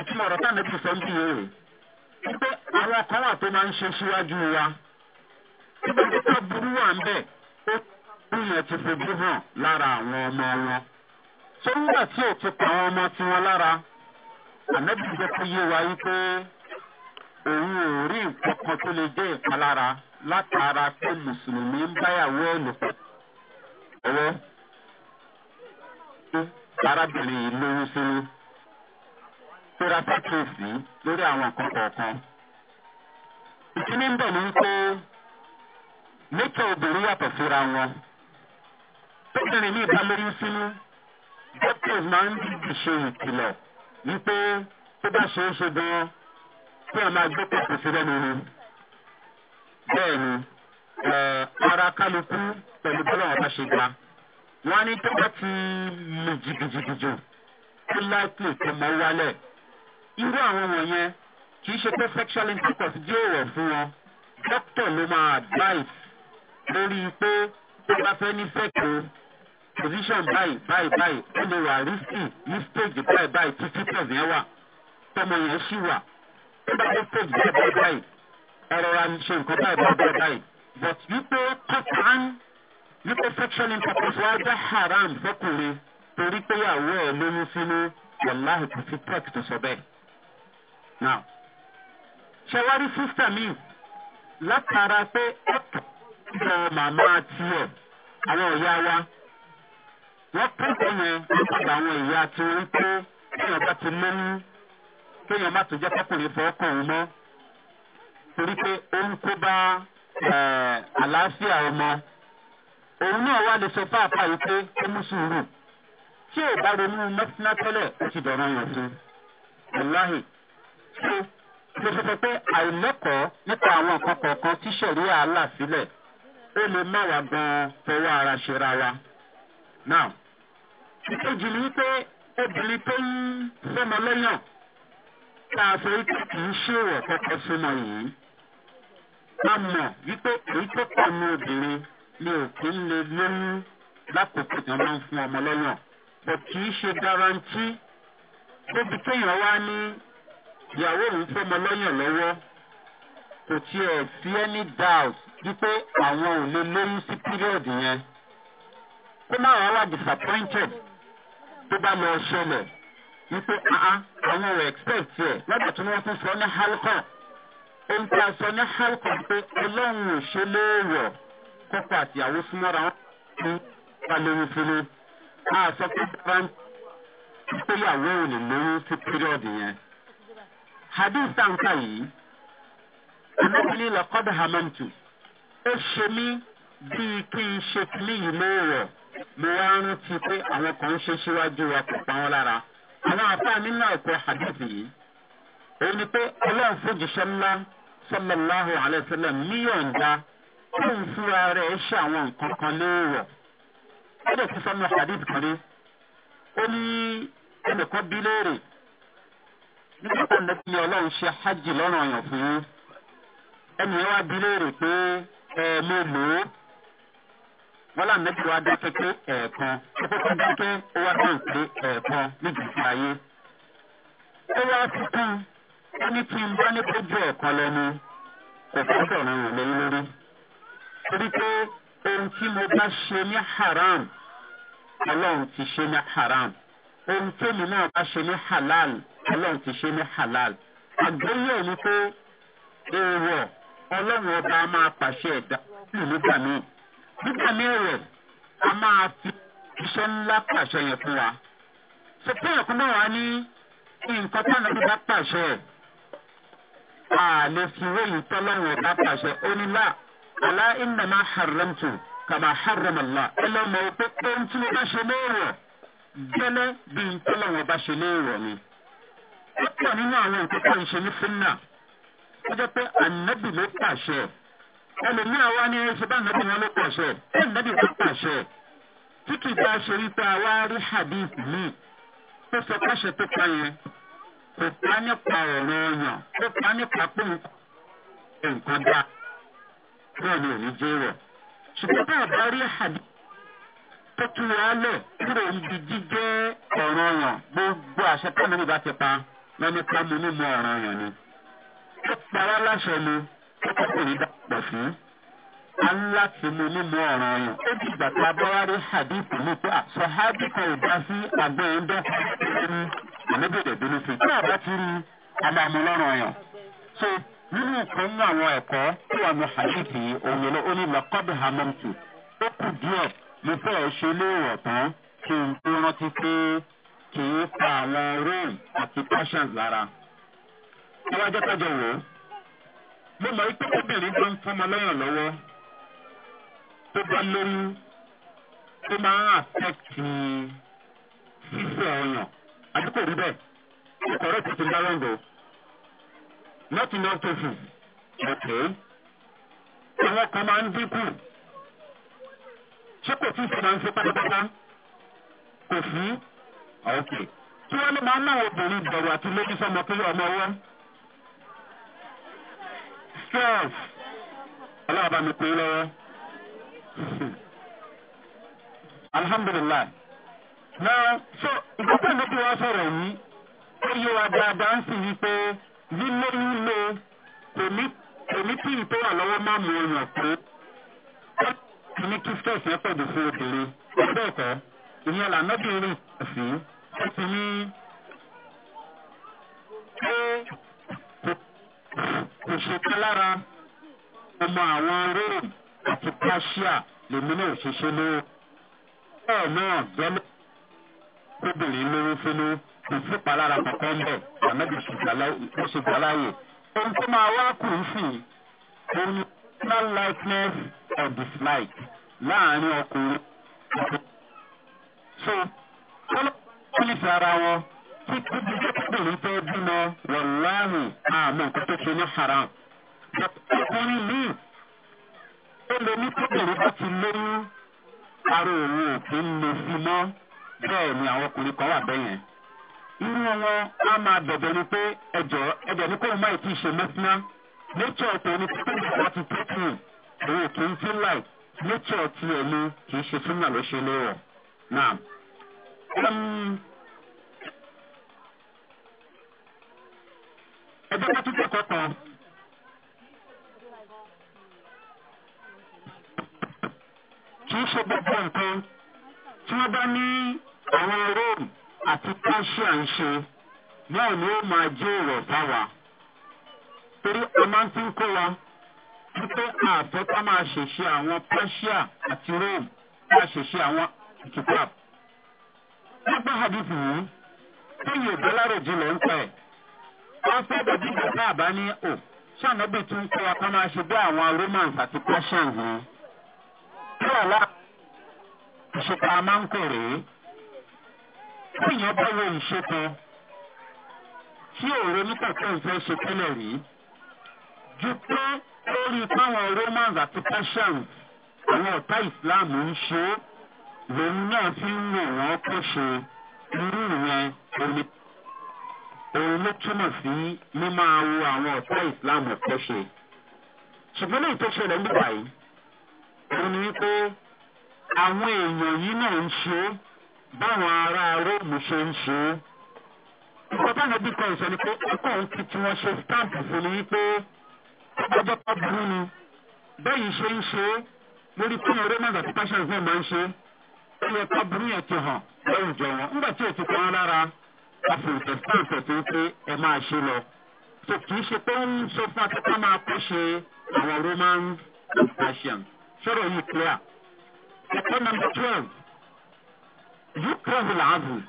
ìtumọ̀ ọ̀rọ̀ táwọn ẹbí sọ ń bí yìí wípé àwọn kan wà tó máa ń ṣe síwájú wa nígbà tó tó burú wà ń bẹ̀ ó bíyàn ti fojú hàn lára àwọn ọmọ wọn tó nígbà tí ò ti pa àwọn ọmọ tiwọn lára ànábìyẹ kó yé wa yí pé òun ò rí nǹkan kan tó lè jẹ́ ìpalára látara pé mùsùlùmí ń báyàwó ẹ̀ lò pọ̀ ọwọ́ arábìnrin yìí lóyún sínú tóra pàkíyèsí lórí àwọn nǹkan kọ̀ọ̀kan. ìkíní ń bẹ̀ ní wípé mẹ́tọ̀ obìnrin yàtọ̀ síra wọn tóbìnrin ní ìbá lóyún sínú doctors máa ń dìbò ṣe ìkìlọ̀ wípé tó bá ṣe é ṣe gan-an kí wọn máa gbé pèsè sí lẹ́nu bẹ́ẹ̀ni ara kálukú pẹ̀lú bọ́lá ọba ṣe gba wọ́n ní tó bá ti lu jìbìjìbìjò tó láìpẹ́ tó mọ́ wálẹ̀ irú àwọn wọ̀nyẹn kì í ṣe pé sexual intercourse jẹ́ ọ̀rọ̀ fún wọn dókítà ló máa advice lórí pé tó bá fẹ́ ní fẹ́kọ̀ọ́ position báyìí báyìí báyìí ó lè wà risky ní stage báyìí báyìí títí tọ̀sán wà tọmọ yẹn ṣì wà tó bá dé stage báyìí báyìí ẹ̀rọ ra ṣe nǹkan báyìí bá bẹ́ẹ̀ báyìí but wípé kọ́tàn wípé sexual intercourse wá haram fọkùnrin torí pé ìyàwó ẹ̀ lóyún sínú wàláhì kò sí tech tó sọ bẹ́ẹ̀. now ṣe wá rí sísítà mi látara pé ọ̀tọ̀ ìjọ màmá tiẹ̀ àwọn ọ̀yá wa wọ́n kẹ́kọ̀ọ́ yẹn nípa àwọn ìyá tí wọ́n ń pé kéèyàn bá ti lóyún kéèyàn má tó jẹ́ kọ́kùnrin fọ́ ọkọ̀ òun mọ́ torí pé ó ń kó bá àlàáfíà ọmọ òun náà wá lè sọ fáapá yìí pé ó mú sùúrù tí ò bá ronú mọ́tínà tẹ́lẹ̀ ó ti dọ̀rọ̀ yàn fún wàláhì tó ló fẹ́ pé àìlẹ́kọ̀ọ́ nípa àwọn nǹkan kọ̀ọ̀kan tí sẹ̀rí àhálà sílẹ̀ ó lè má wá gan-an fọwọ́ ara ṣe ra wa. now ìkejì ni wípé obìnrin tó ń fọmọ lẹ́yìn tá a sọ wípé kì í ṣèwọ̀ kọ́kọ́ súnmọ́ yìí a mọ̀ wípé èyí tó pọ̀ ní obìnrin ni ò kí ń lè lóyún lákòókò tí wọ́n máa ń fún ọmọ lọ́yàn kò kì í ṣe garanti débi kéèyàn wá ní ìyàwó òun fọmọ lọ́yàn lọ́wọ́ kò tiẹ̀ sí any doubt wípé àwọn ò lè lóyún sí period yẹn kó má wàá wà disappointed tó bá lọ ṣẹlẹ̀ wípé ah, ah, àwọn ò expect ẹ̀ lọ́dọ̀ tí wọ́n tún sọ ní halkọ́ ohun tí a sọ ní halkọ pé ọlọ́run ò ṣe léèrọ̀ kókó àtìyàwó súnmọ́ra wọn ní balẹ̀wọ̀n fúnni a sọ pé dára ìpéyàwó ò lè lóyún sí pírọ̀dì yẹn. hadith tanka yìí ọmọbìnrin lọ́kọ́dọ̀ hamamtu ó ṣe mí bíi kí n ṣe kílí yìí léèrọ̀ mo wá rántí pé àwọn kan ń ṣe síwájú wa kò pa wọn lára àwọn àfáà nínú ẹ̀kọ́ hadith yìí òun ni pé ọlọ́run fojúṣẹ́ ńlá sọlọ́láhùn àlẹ́sẹ̀lẹ̀ níyọ̀ǹda tóun fúnra rẹ̀ ṣe àwọn nǹkan kan léèwọ̀. ó lè fi sọ́nà hadith kan rí ó ní ẹnìkan bí léèrè nígbà tó ń lè ọlọ́run ṣe hajj lọ́rùn ọ̀yàn fún yín ẹnì yẹn wá bí léèrè pé ẹ̀ẹ́mẹ́lòó wọ́n láàmì tí wàá dákẹ́ pé ẹ̀ẹ̀kan ọkọ̀ dákẹ́ ó wá dáhùn pé ẹ̀ẹ̀kan níbi ìgbà ó wá fi kún un ẹni tí n bá ní kó jẹ́ ọ̀kan lẹ́nu kò gbọ́dọ̀ ràn án lẹ́yìn lórí. torí pé ohun tí mo bá ṣe ní haram ọlọ́run ti ṣe ní haram ohun tèmi náà bá ṣe ní halal ọlọ́run ti ṣe ní halal. àgbéyẹ̀ ni pé èèwọ̀ ọlọ́run ọba máa pàṣẹ ẹ̀dá nígbà míì nígbà míì rẹ̀ a máa fi iṣẹ́ ńlá pàṣẹ yẹn fún wa. sọ pé ẹ̀kún náà wá ní nǹkan tí àwọn ọba pàṣẹ ẹ̀ àlè fúwélì tọ́lọ́wọ̀ bá pàṣẹ onílà àlá ìnàmá haramtu kàmá haramàlá ẹlọ́mọ pé pẹ́ntì ló bá ṣe léèrò gẹ́lẹ́ bí tọ́lọ́wọ̀ bá ṣe léèrò ni. ó pọ̀ nínú àwọn nǹkan tó ń ṣe ní fúnnà ó jẹ́ pé ànábì ló pàṣẹ ẹlòmíà wá ní ẹsẹ̀ bá ànábì wọn ló pàṣẹ ẹ̀ ànábì ló pàṣẹ tí kìí bá ṣe rí pé àwa rí hadith mi tó sọ pàṣẹ tó pa kò pa nípa ọ̀rọ̀ ọyàn kó pa nípa pé nǹkan dá náà ni òní jẹ́ rẹ̀. ṣùgbọ́n bá a bá rí àdé tó tú wa lẹ̀ kúrò ibi jíjẹ́ ọ̀rọ̀ ọyàn gbogbo àṣẹ tó nínú ìbá ti pa lọ́ní pa mu ọ̀rọ̀ ọyàn ni. ó pa wá láṣẹ ni ó kọ́kọ́ ìdá pọ̀ fún un a ń láti lè nílò ọ̀ràn yẹn. ó di ìgbà tá a bá wá rí hadith mi pé àsọ̀hábì ah, kan ò dá sí àgbẹ̀ ń dá sí àmẹ́bẹ̀dẹ̀ bínú sí. bí àbá ti rí aláàmúlọ́ràn yẹn. so nínú nǹkan nínú àwọn ẹ̀kọ́ tí wàá mú hadith yìí òun yẹn lọ ó ní lọ́kọ́bì hamilton ó kù díẹ̀ mo fẹ́ ṣe léèwọ̀ tán kí n tó rántí pé kì í pa àwọn rome àti persians lára. ẹ wá jẹ́ ká wò ó. mo mọ̀ wípé obìnrin tó ń fọmọ lọ́yàn lọ́wọ́ tó bá lóyún tó máa ń àfẹ́kì fífẹ́ ọyàn àdúgbò rí bẹ́ẹ̀ ìkọ̀rọ̀ tó ti ń bá lọ́ngọ̀ not enough cases okay àwọn kan máa ń dínkù ṣé kò tí ì sọ̀rọ̀ ń ṣe pátápátá kò sí okay tí wọ́n lè máa ń náwó obìnrin bẹ̀rù àti lójú sọmọ pé ọmọ ọwọ́ stress ọlọ́ọ̀bá mi pé lọ́wọ́. alhamdulilah náà so ìgbésẹ̀ méjì wá sọ̀rọ̀ yìí ó yé wa dáadáa ń sì yí pé lílo lílo kò ní tí ìtò wà lọ́wọ́ máa mú ọyàn pé ó ti ní kí stress yẹn pẹ̀lú fún obìnrin ọgbẹ́ ẹ̀kọ́ ìyẹn lànàbí rìn sí ó ti ní pé kò ṣe ká lára ọmọ àwọn róòmù àti pàṣíà lèmi náà ṣiṣẹ́ lówó. bẹ́ẹ̀ náà gbẹ́mẹ́ kóbìnrin lówó fínú kò sí ìpalára kankan ń bẹ̀ ànábì ṣùgbọ́láyè. ohun tó máa wá kù ń fì òun ni personal likeness or dislike láàrin ọkùnrin so wọ́n nífẹ̀ẹ́ ara wọn títí bí kóbìnrin tó bímọ wọ̀láhùn àmọ́ nǹkan tó ṣe ní haram. ọkùnrin míì ó lè ní tóbìnrin bá ti lóyún ara òun ò kí ń le sí mọ́ bẹ́ẹ̀ ni àwọn ọkùnrin kan wà bẹ́yẹn irú wọn á máa bẹ̀bẹ̀ ni pé ẹjọ́ ẹjọ́ ní kó má ìtì ṣe mẹ́sínà nature tó ní tóbìnrin bá ti tẹ́tù òun ò kí ń feel like nature ti ẹ̀ ni kì í ṣe súnmọ́ ló ṣe léwọ̀ náà. Um, ẹjọ́ bá tún kẹ́kọ̀ọ́ kan. kì í ṣe gbogbo nǹkan tí wọ́n bá ní àwọn rome àti persia ń ṣe náà ni ó máa jẹ́ ìrọ̀ fáwa torí a máa ń ti ń kó wa wípé ààfẹ́ ká máa ṣèṣe àwọn persia àti rome ká ṣèṣe àwọn ìkìtàp. nípa hadith yìí tóyè ìdálárò jinlẹ̀ ń pẹ́ wọ́n fẹ́ dàbí bàbá àbá ní ò kó wa ká máa ṣe bí àwọn romans àti persians yìí. tọ́ọ̀lá ìṣètò amáńkò rèé tí èèyàn bá wo ìṣètò tí òòrè nípàtẹ́ ìfẹ́ ṣe tẹ́lẹ̀ rí ju pé ó rí páwọn romans àti persians àwọn ọ̀tá islam ń ṣe lòun náà fi ń wò wọ́n kó ṣe irú ìyẹn omi òun ló túmọ̀ sí mímáa wo àwọn ọ̀tá islam kó ṣùgbọ́n ní ìtòṣẹlẹ̀ nígbà yìí. òun ni pé àwọn èèyàn yìí náà ń ṣe é báwọn ará róòmù ṣe ń ṣe é nǹkan táwọn ẹbí kan sọ pé ọkọ̀ ń kí tí wọ́n ṣe stampu fún ni wípé ọjọ́ kan burú ni bẹ́ẹ̀ ṣe ń ṣe é lórí pé romans àti passions náà máa ń ṣe é burú yẹn ti hàn wọn nígbà شرعي يتلاع كان نمبر 12 يكره العزل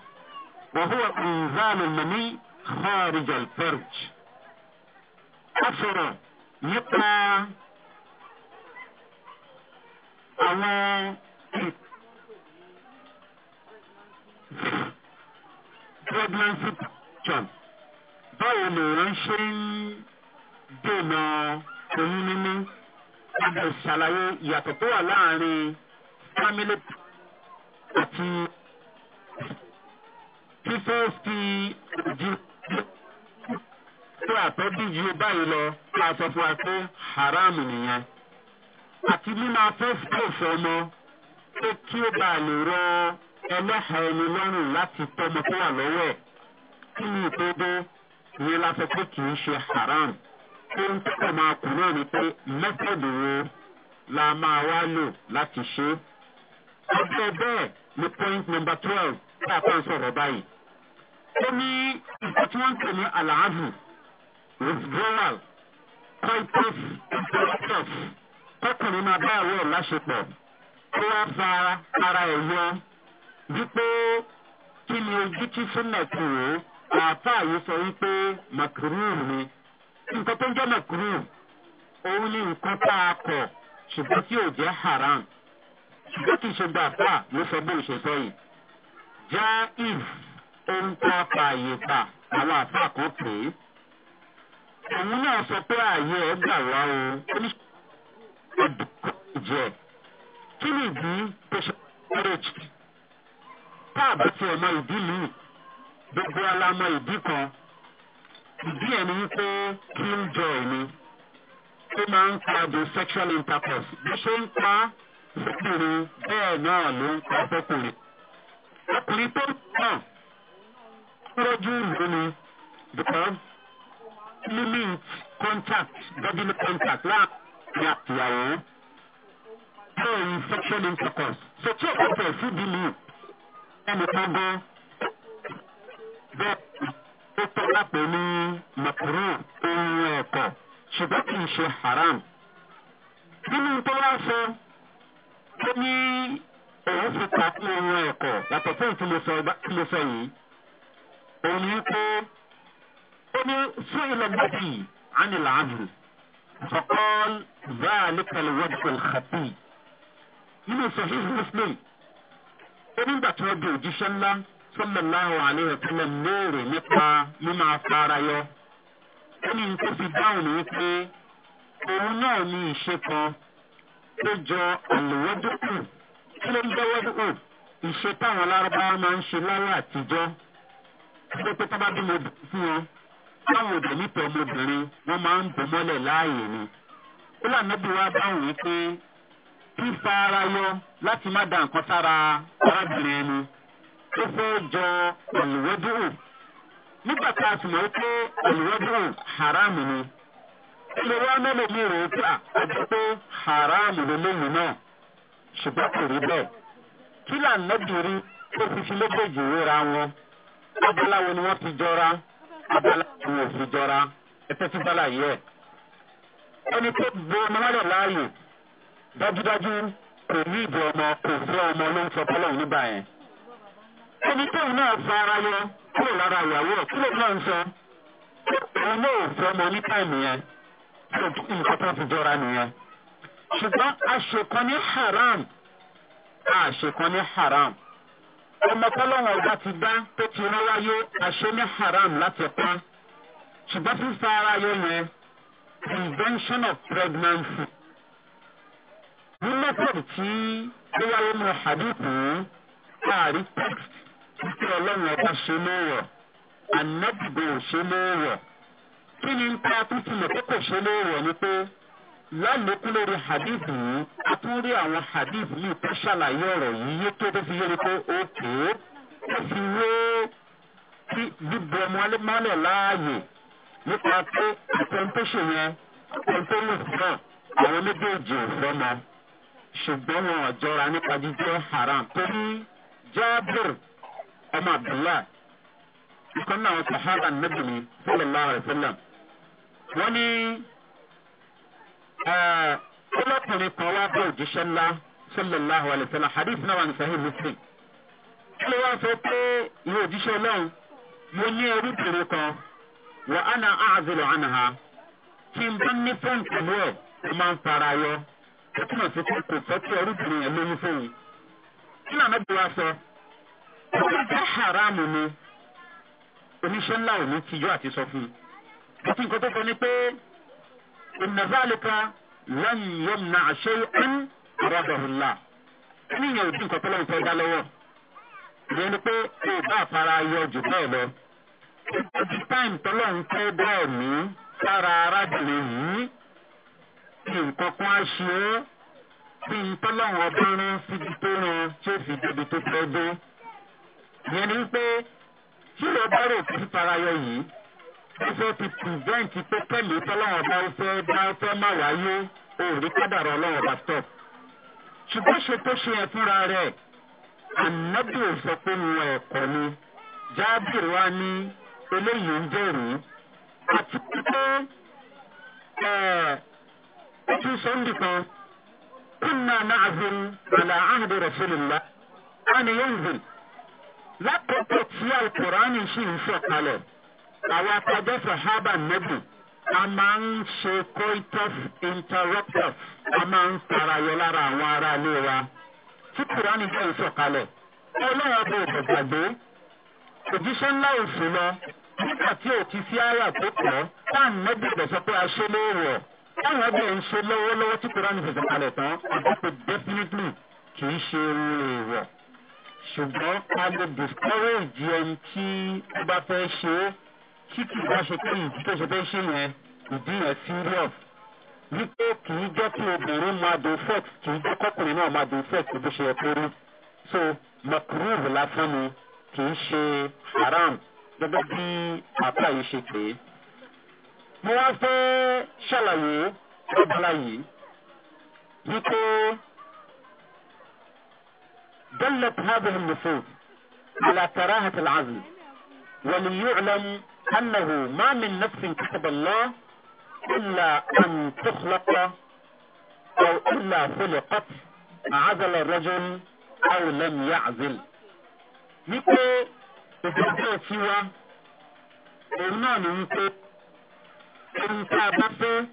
وهو انزال المني خارج الفرج عشرة يقرأ àwọn pregnancy picture báwo lèèyàn ṣe ń padà ṣàlàyé ìyàtọ̀ tó wà láàrin family àti fífẹ́ fi ojú tó àtọ́jú yìí báyìí lọ kí a sọ fún wa pé haram nìyẹn àti mímọ afẹ́fẹ́ ọmọ pé kí ó bá lè rọ ẹlẹ́hàá ẹni lọ́rùn láti tọ́mọ tó wà lọ́wọ́ ẹ̀ kí ni ìpéjọ ìyẹn la pé kì í ṣe haram ohun tó kàn máa kù náà ni pé mẹ́tẹ̀ẹ̀dì wo la máa wá lò láti ṣe ọjọ́ bẹ́ẹ̀ ni point number twelve tá a kàn sọ̀rọ̀ báyìí. ó ní ìfẹ́ tí wọ́n ń pè ní àlàáfù withdrawal coitus interruptus kọkùnrin máa bá àwọn ẹ̀ láṣepọ̀ kó wá fa ara ẹ̀ yọ wípé kí ni ojú tí súnmọ̀ kù ó àáfàá yìí sọ wípé màkìrúù ni nǹkan tó ń jẹ́ mẹ̀kúrú òun ni nǹkan tá a kọ̀ ṣùgbọ́n tí ò jẹ́ haram ṣùgbọ́n kì í ṣe gbàgbà ló sọ bó ṣe sọ yìí. já if ohun tó pa àyè pa àwọn àfa kan pè é. òun náà sọ pé ààyè ẹ̀ gbà wá o jẹ kí ni ìdí tó ṣe tá a bá tiẹ̀ mọ ìdí mi gbogbo alamọ ìdí kan ìdí ẹ̀ ni wípé kill joy ni ó máa ń pa the sexual intercourse bó ṣe ń pa fọkùnrin bẹ́ẹ̀ náà ló ń pa fọkùnrin. ọkùnrin tó ń pọ̀ lójú ìlú ni because limit contact bodily contact láàrin àtìyàwó playing sexual intercourse so tí ọ̀pọ̀ tẹ̀ sí bí mi ẹnìkan gan bẹ́ẹ̀ ó tọ́lá pé ní màkàrú ohun ẹ̀kọ́ ṣùgbọ́n kì í ṣe haram. nínú tó wá sọ ó ní òun fi ta kún ohun ẹ̀kọ́ yàtọ̀ fún tí mo sọ yìí òun ní pé ó ní fún ilẹ̀ gbòdì ánìlà àbùrù fọkàn báàlì pẹ̀lú wọ́dìpẹ̀l nínú sọ̀hìn muslim ó nígbà tó di òjíṣẹ́ ńlá sọlọ́láhù àlẹ́ ọ̀tẹ́lẹ̀ léèrè nípa mímọ afárayọ. ẹni tó fi dáhùn ní pé òun náà ní ìṣe kan tó jọ àlùwọ́dúkù kí ló ń jẹ́wọ́dúkù ìṣe táwọn lárúbáwá máa ń ṣe láyé àtijọ́ tó pé tábà bímọ fún wọn táwọn òdò nípa ọmọbìnrin wọn máa ń bò mọ́lẹ̀ láàyè ni. ó lànàbí wa dáhùn wípé fífa ara yọ láti má da nǹkan sára arábìnrin ẹni tó fẹ́ jọ olùwẹ́dúró nígbà tá a sì mọ̀ pé olùwẹ́dúró haram ni ilé wa mẹ́lẹ̀ mi rò ó pé àjọ pé haram ló lóyún náà ṣùgbọ́n kò rí bẹ́ẹ̀ kí lànà bìrì fi fi lébèjì wéra wọn abáláwo ni wọ́n fi jọra abáláwo ni wọ́n fi jọra ẹ̀tẹ́ tí bá láyé ẹ̀ ẹni tó gbé ọmọ láàyè dájúdájú kò ní ìdí ọmọ kò fẹ́ ọmọ ló ń sọ bọ́lọ̀ nígbà yẹn ẹni tóun náà fa ara yọ kúrò lára ìyàwó ẹ̀ kí ló náà ń sọ òun náà fẹ́ mọ onípa nìyẹn nǹkan tó fi jọra nìyẹn ṣùgbọ́n aṣèkan ní haram aṣèkan ní haram ọmọ tọ́lọ́wọ̀n ọba ti dá tó ti rán wáyé aṣọ ní haram láti pa ṣùgbọ́n fífa ara yọ yẹn prevention of pregnancy ní method tí ó wáyé nínú hadith yìí láàrin text títí ọlọ́run ọba ṣe léèwọ̀ ànábìgbò ṣe léèwọ̀ kí ni nta títí mọ̀tòkò ṣe léèwọ̀ ni pé lálòókún lórí hadith yìí a tún rí àwọn hadith yìí tó ṣàlàyé ọ̀rọ̀ yìí yé tó tó fi yé ni pé òkè ó fi wé tí bíbu ọmọ alẹ́mọ́lẹ̀ láàyè nípa pé àtẹ̀ǹtẹ̀ṣẹ̀ yẹn àtẹ̀ǹtẹ̀mùsì náà àwọn méjèèjì ò fọ́mọ ṣùgbọ́n wọn ò jọra nípa jíjẹ́ haram torí jábìrì ọmọ abdullah ìkan náà sahaba nabi ni sallallahu alayhi wa sallam wọn ní ọlọ́kùnrin kan wá bá òjíṣẹ́ ńlá sallallahu alayhi wa sallam hadith náà wà ní sahih muslim kí ló wá sọ pé ìwé mo ní orúkèrè kan wà á na àzìlò àná ha kí n bá ní fún ìpínlẹ̀ ẹ̀ ó máa ń fara yọ ó túmọ̀ sí pé kò fẹ́ kí orúkèrè yẹn lóyún fóun kí làmẹ́gbẹ̀wá sọ nígbà dá haramu mu oníṣẹ́ ńlá ò ní tijọ́ àti sọ fún un àti nǹkan tó kọ ni pé ìnàbálẹ̀ka lẹ́yìn yóò na àṣẹ ẹ̀ń ọ̀rọ̀dọ̀hùnlá níyàn òbí nǹkan tó lọ́n fẹ́ dá lọ́wọ́ ìyẹn ni pé kò bá àfara yọ jù bẹ́ẹ̀ lọ ìtọ́jú táìm tọ́lọ́ fẹ́ bẹ́ẹ̀ mí sára arábìnrin yìí kí nǹkan kan ṣe é bí ntọ́lọ́wọ́ bá síbi tó rán tí fi débi tó fẹ́ dé ìyẹn ni wípé tí o bá rò kí farayọ yìí ó fẹ́ ti prevent pé kẹ́lì tọ́lọ́wọ́n bá fẹ́ bá fẹ́ má wáyé o ò rí kádàrọ̀ ọlọ́wọ́n bá stop. ṣùgbọ́n ṣe tó ṣe yẹn fúnra rẹ̀ ànábì ò sọ pé wọn ẹ̀kọ́ ni jábìrì wa ní eléyìí ń jẹ́rìí àti pé ojú sọ́ndì kan kúnnà náà àzìn àlà áhùn rasulillah wọn ni yóò zìn lákòókò tí alukurani sì ń sọ̀kalẹ̀ àwọn akadẹ́ sahaba nẹ́bù a máa ń ṣe coitus interruptus a máa ń tarayọ lára àwọn ará ilé wa tí kurani bẹ́ẹ̀ ń sọ̀kalẹ̀ ọlọ́run bò gbàgbé òjíṣẹ́ ńlá òsì lọ nígbà tí ò ti sí àyà tó pọ̀ táà nẹ́bù gbẹ̀sọ́ pé a ṣe léèwọ̀ táwọn ẹgbẹ́ ń ṣe lọ́wọ́lọ́wọ́ tí kurani fẹ̀sọ̀ kalẹ̀ tán àdúgbò definitely kì í ṣe irun ṣùgbọ́n a lè discourage ẹni tí ó bá fẹ́ ṣe é tí kì í bá ṣe pé ìdí tó ṣe fẹ́ ṣe yẹn ìdí yẹn serious wípé kì í jẹ́ kí obìnrin máa do sex kì í jẹ́ kọkùnrin náà máa do sex bó ṣe yẹ kó rí so mcruv lásán ni kì í ṣe haram gẹ́gẹ́ bí àpá yìí ṣe pè é. mo wá fẹ́ ṣàlàyé ọ̀bọ̀lá yìí wípé. دلت هذه النصوص على كراهة العزل وليعلم أنه ما من نفس كتب الله إلا أن تخلق أو إلا خلقت عزل الرجل أو لم يعزل wípé ìgbàgbọ́ tí wa òun náà ni wípé ohun tá a bá fẹ́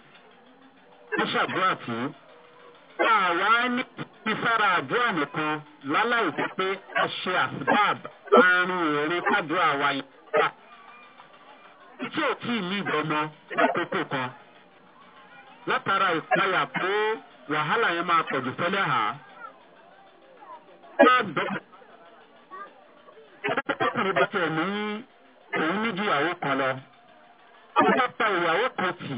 ó ṣàdúrà ìfara àdúrà nìkan láláì jẹ́ pé a ṣe àsìbáàb àárín wa ya ò tí ì ní lákòókò kan. Látara ìpayà pé wàhálà yẹn máa pọ̀jù fẹ́lẹ́ hà á. Ọkùnrin bá tiẹ̀ ní òun ní ju ìyàwó kan lọ. Ó bá pa ìyàwó kan tì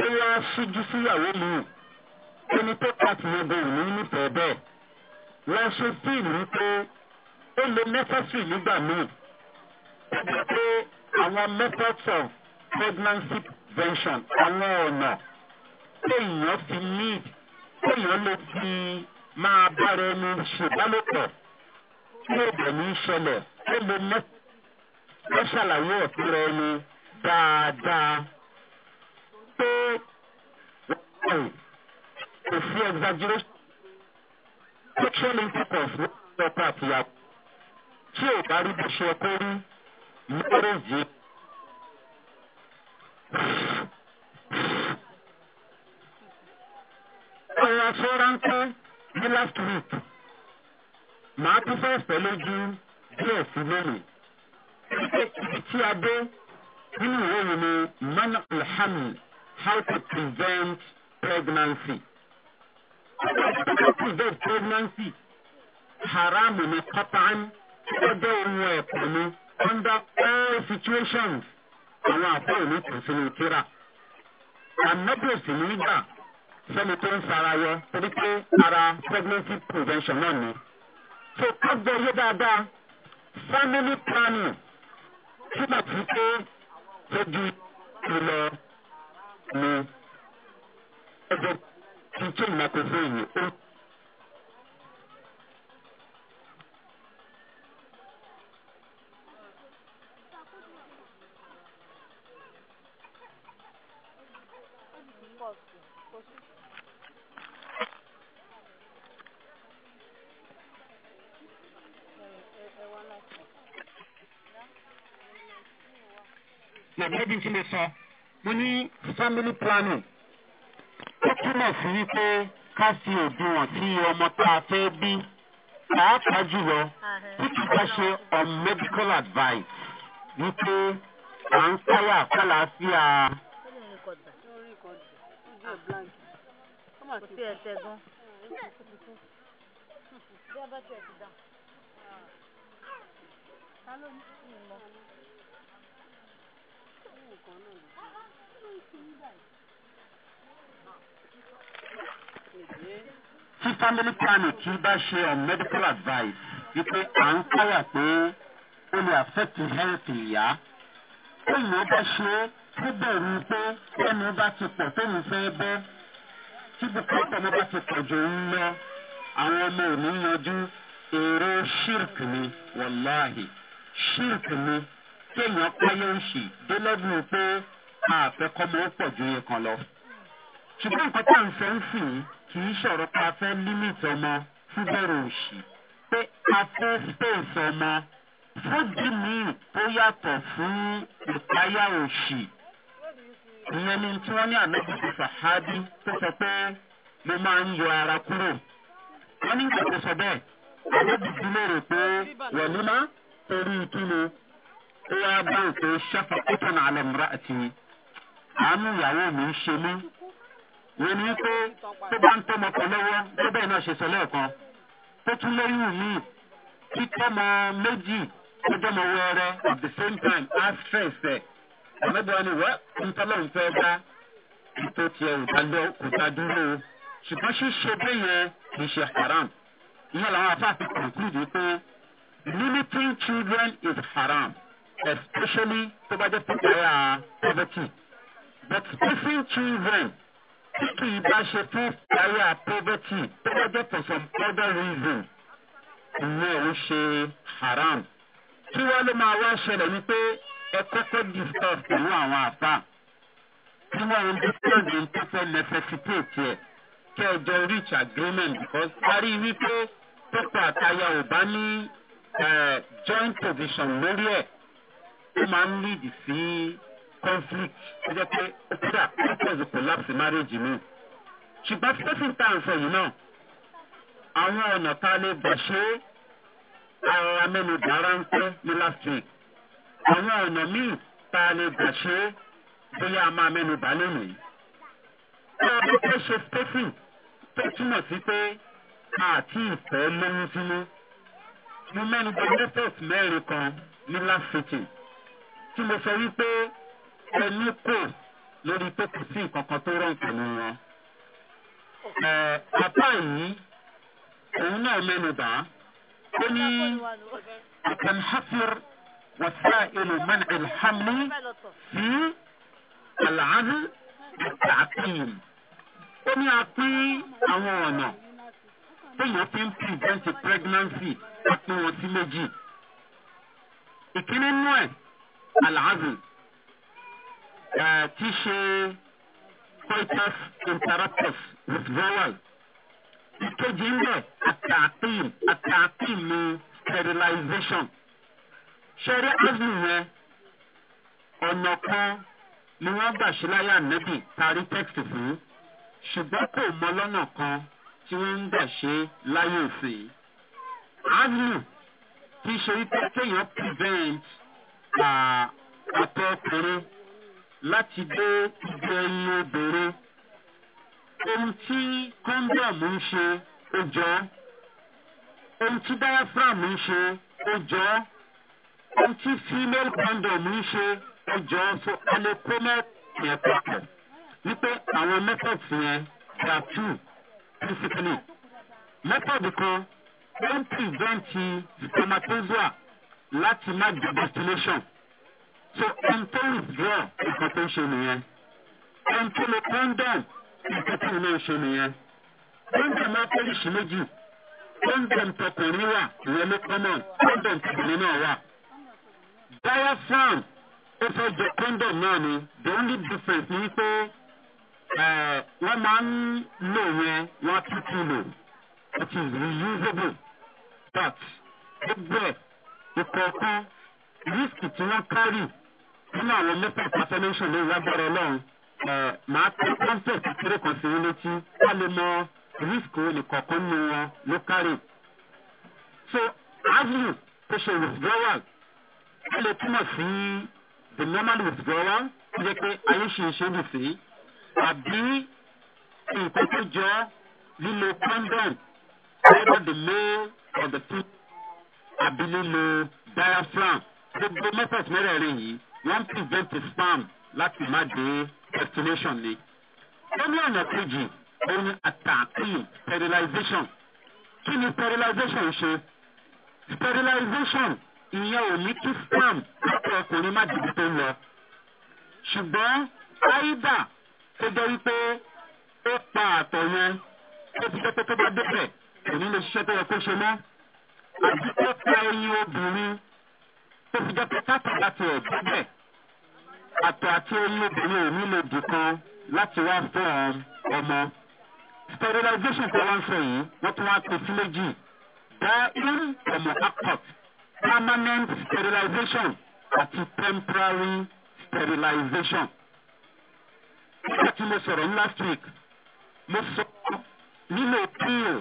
ó yá ṣíjú síyàwó mi ẹni tó pa tìyẹn bo òní nífẹ̀ẹ́ bẹ́ẹ̀ wọ́n ṣe fíìmù wípé ó lo necessary nígbà míì pé àwọn methods of pregnancy prevention àwọn ọ̀nà fi need téèyàn lè fi máa bára ẹni ṣèbálòpọ̀ tí èdè ní ṣẹlẹ̀ ó pé kò sí exaggeration sexual intercourse ní ọkọ àtìyàwó tí ò bá rí bó ṣe ẹ kó rí mẹ́rẹ̀ẹ́jì. ọ̀rọ̀ aṣọ ráńpẹ́ ní last week màá tún fẹ́ fẹ́ lójú díẹ̀ sí lónìí. ibi tí a dé nínú ìwé yìí ni mana alhamdulilayi how to prevent pregnancy. How to prevent pregnancy. Haram ni kọ́tàn ọjọ́ ohun ẹ̀kọ́ ni under all situations àwọn àpò ìlú kò sínú kíra. Àmọ́bìrìsì ní gbà sẹ́ni tó ń sara yọ torí pé ara pregnancy prevention náà ni. So ká gbọ́ yé dáadáa family planning túmọ̀ sí pé tó ìlọ ni ɛdɛ kyinkyin na kofo yi o. Yàrá bí n ti lè sọ mo ní family planning ó túmọ̀ sí wípé ká fi òdiwọ̀n sí ọmọ tá a fẹ́ bí pàápàá jùlọ tí kì bá ṣe on medical advice wípé à ń káyà kálàáfíà. Thank kan náà lè ṣe. kí ló tí family planning kì bá ṣe on medical advice wípé à ń káyà pé ó lè affect health ìyá èèyàn bá ṣe é tó bẹ̀rù pé tẹ́nu bá ti pọ̀ tóun fẹ́ bẹ́ tí bùkátà mi bá ti pọ̀ jù ń lọ àwọn ọmọ ò ní yanjú èrò ṣírk ni wàláhì ṣírk ni kéèyàn káyé ń ṣì dé lẹ́bùn pé àfẹ́kọ́mọ ó pọ̀ ju iye kan lọ. ṣùgbọ́n nǹkan tá à ń fẹ́ ń sìn kì í ṣọ̀rọ̀ pé a fẹ́ límìtì ọmọ fún bẹ̀rẹ̀ òṣì pé a fẹ́ space ọmọ fúdì míì tó yàtọ̀ fún ìpáyà òṣì. ìyẹn ni tí wọ́n ní ànágbèsè sàhábí tó sọ pé mo máa ń yọ ara kúrò. wọ́n ní ìgbà tó sọ bẹ́ẹ̀ ànágbèsè lérò pé wọ̀nyí torí kí wá bá òkè ṣẹ́fà kútàn àlẹ́ mìíràn àti àánú ìyàwó mi ń ṣe mí. wọ́n ní pé tó bá ń tọ́mọ kan lọ́wọ́ bẹ́ẹ̀ náà ṣe sọ lẹ́ẹ̀kan tó tún lẹ́yìn mi kí tọ́mọ méjì tó jọmọ wẹrẹ at the same time á stress ẹ̀ ọ̀nàbíwá ni wẹ́ ń tọ́lọ́ ń fẹ́ bá tó tiẹ̀ kò tá dúró ṣùgbọ́n ṣíṣe bẹ́ẹ̀ yẹn kì í ṣe haram ìyẹn làwọn afáàfin conclude pé limiting children is haram especially tó bá jẹ́ pẹ̀lú poverty but facing children tí kì í bá ṣe fún pẹ̀lú poverty tó bá jẹ́ for some other reason ìyẹn ò ṣe haram kí wọ́n ló máa wá ṣẹlẹ̀ wípé ẹ kọ́kọ́ discuss pẹ̀lú àwọn àbá tí wọ́n ń dúpẹ́ǹdì ń tẹ́tẹ́ necessitate ẹ̀ kí ẹ jọ reach agreement because parí wípé pẹ́pẹ́ àtayà ò bá ní eh, joint position lórí ẹ̀ ó máa ń lead sí conflict ó jẹ́ pé ó kódà ó cause collapse marriage mi. ṣùgbọ́n stephen tá à ń sọ yìí náà àwọn ọ̀nà tá a lè gbà ṣe é ara mẹ́nu dára ń ní last week àwọn ọ̀nà míì tá a lè gbà ṣe é bóyá a máa mẹ́nu bá lónìí yìí. a bá fẹ́ ṣe stephen tó túmọ̀ sí pé àti ìfẹ́ lóyún sínú mo mẹ́nu bá lẹ́fẹ̀ẹ́ mẹ́rin kan ní last meeting tí mo sọ wípé ẹni kò lórí pé kò sí ìkankan tó rọ̀ pẹ̀lú wọn. Bàbá yìí òun náà mẹ́nu ó ní àtẹnhásír وسائل منع الحمل في العزل والتعقيم ó ní a pín àwọn ọ̀nà téèyàn fi ń prevent pregnancy a wọn sí méjì ìkíní nú ẹ̀ alhazi tí ṣe coitus interruptus withdrawal ìkejì ń bẹ̀ àtàkìm àtàkìm ni sterilization ṣẹ́rí azmi yẹn ọ̀nà kan ni wọ́n gbà ṣe láyà nẹ́bì parí tẹ́kìtì fún ṣùgbọ́n kò mọ lọ́nà kan tí wọ́n ń gbà ṣe láyè òfin azmi tí ṣe wípé kéèyàn prevent àtọkùnrin láti dé ibi ẹyin obìnrin ohun tí kọ́ńdọ̀mù ń ṣe ó jọ ohun tí diaphragm ń ṣe ó jọ ohun tí female condom ń ṣe ó jọ so a lè kó mẹ́tẹ̀ẹ̀ papọ̀ wípé àwọn methods yẹn there are two basically method kan ó ń prevent spermatozoa láti má di destination so until tó withdraw nǹkan tó ń ṣe nìyẹn ẹn tó lo condom nǹkan tó ń ṣe nìyẹn condom máa pẹ́ ìṣí méjì condom tọkùnrin wà ìyẹn ló common condom tọkùnrin náà wà diaphragm ó fẹ́ jẹ condom náà ni the only difference ni pé wọ́n máa ń lò yẹn wọ́n á tún tún lò it is reusable but gbogbo ẹ̀ ìkọ̀ọ̀kan rísìkì tí wọ́n kárì nínú àwọn mẹ́fà pàtẹ́lẹ́sọ̀ lórí lágbára ọlọ́run màá pẹ́ pọ́ńpẹ́ kékeré kan sí wọn létí ká lè mọ rísìkì wo nìkọ̀ọ̀kan nínú wọn ló kárì. so azlu tó ṣe withdrawal ó lè túmọ̀ sí the normal withdrawal ó jẹ́ pé ayé ṣe é ṣe é nìsí àbí nǹkan tó jọ lílo condom either the male or the female àbí lílo diaphragm gbogbo method mẹ́rẹ̀ẹ̀rin yìí wọ́n prevent spam láti má dé destination ni. ó ní ọ̀nà kejì òun àtàkùn sterilization kí ni sterilization ṣe? sterilization ìyẹn ò ní kí spam láti ọkùnrin má dìbò tó ń lọ. ṣùgbọ́n áìdà tó jẹ́ wípé ó pa àtọ̀ yẹn ó ti jẹ́ pé tó bá débẹ̀ kò ní lè ṣiṣẹ́ tó yẹ kó ṣe mọ́ àdúgbò pa ẹyin obìnrin tó fi jẹ́ pé káàtà láti ẹ̀jẹ̀ bẹ̀ àtọ̀ àti ẹyin obìnrin òní lè dìkan láti wá fún ọmọ. sterilization tó wá ń sọ yìí wọ́n tún wá pè sí méjì dá in ọmọ akọt permanent sterilization àti temporary sterilization. nígbà tí mo sọ̀rọ̀ ní last week mo sọ nílò peel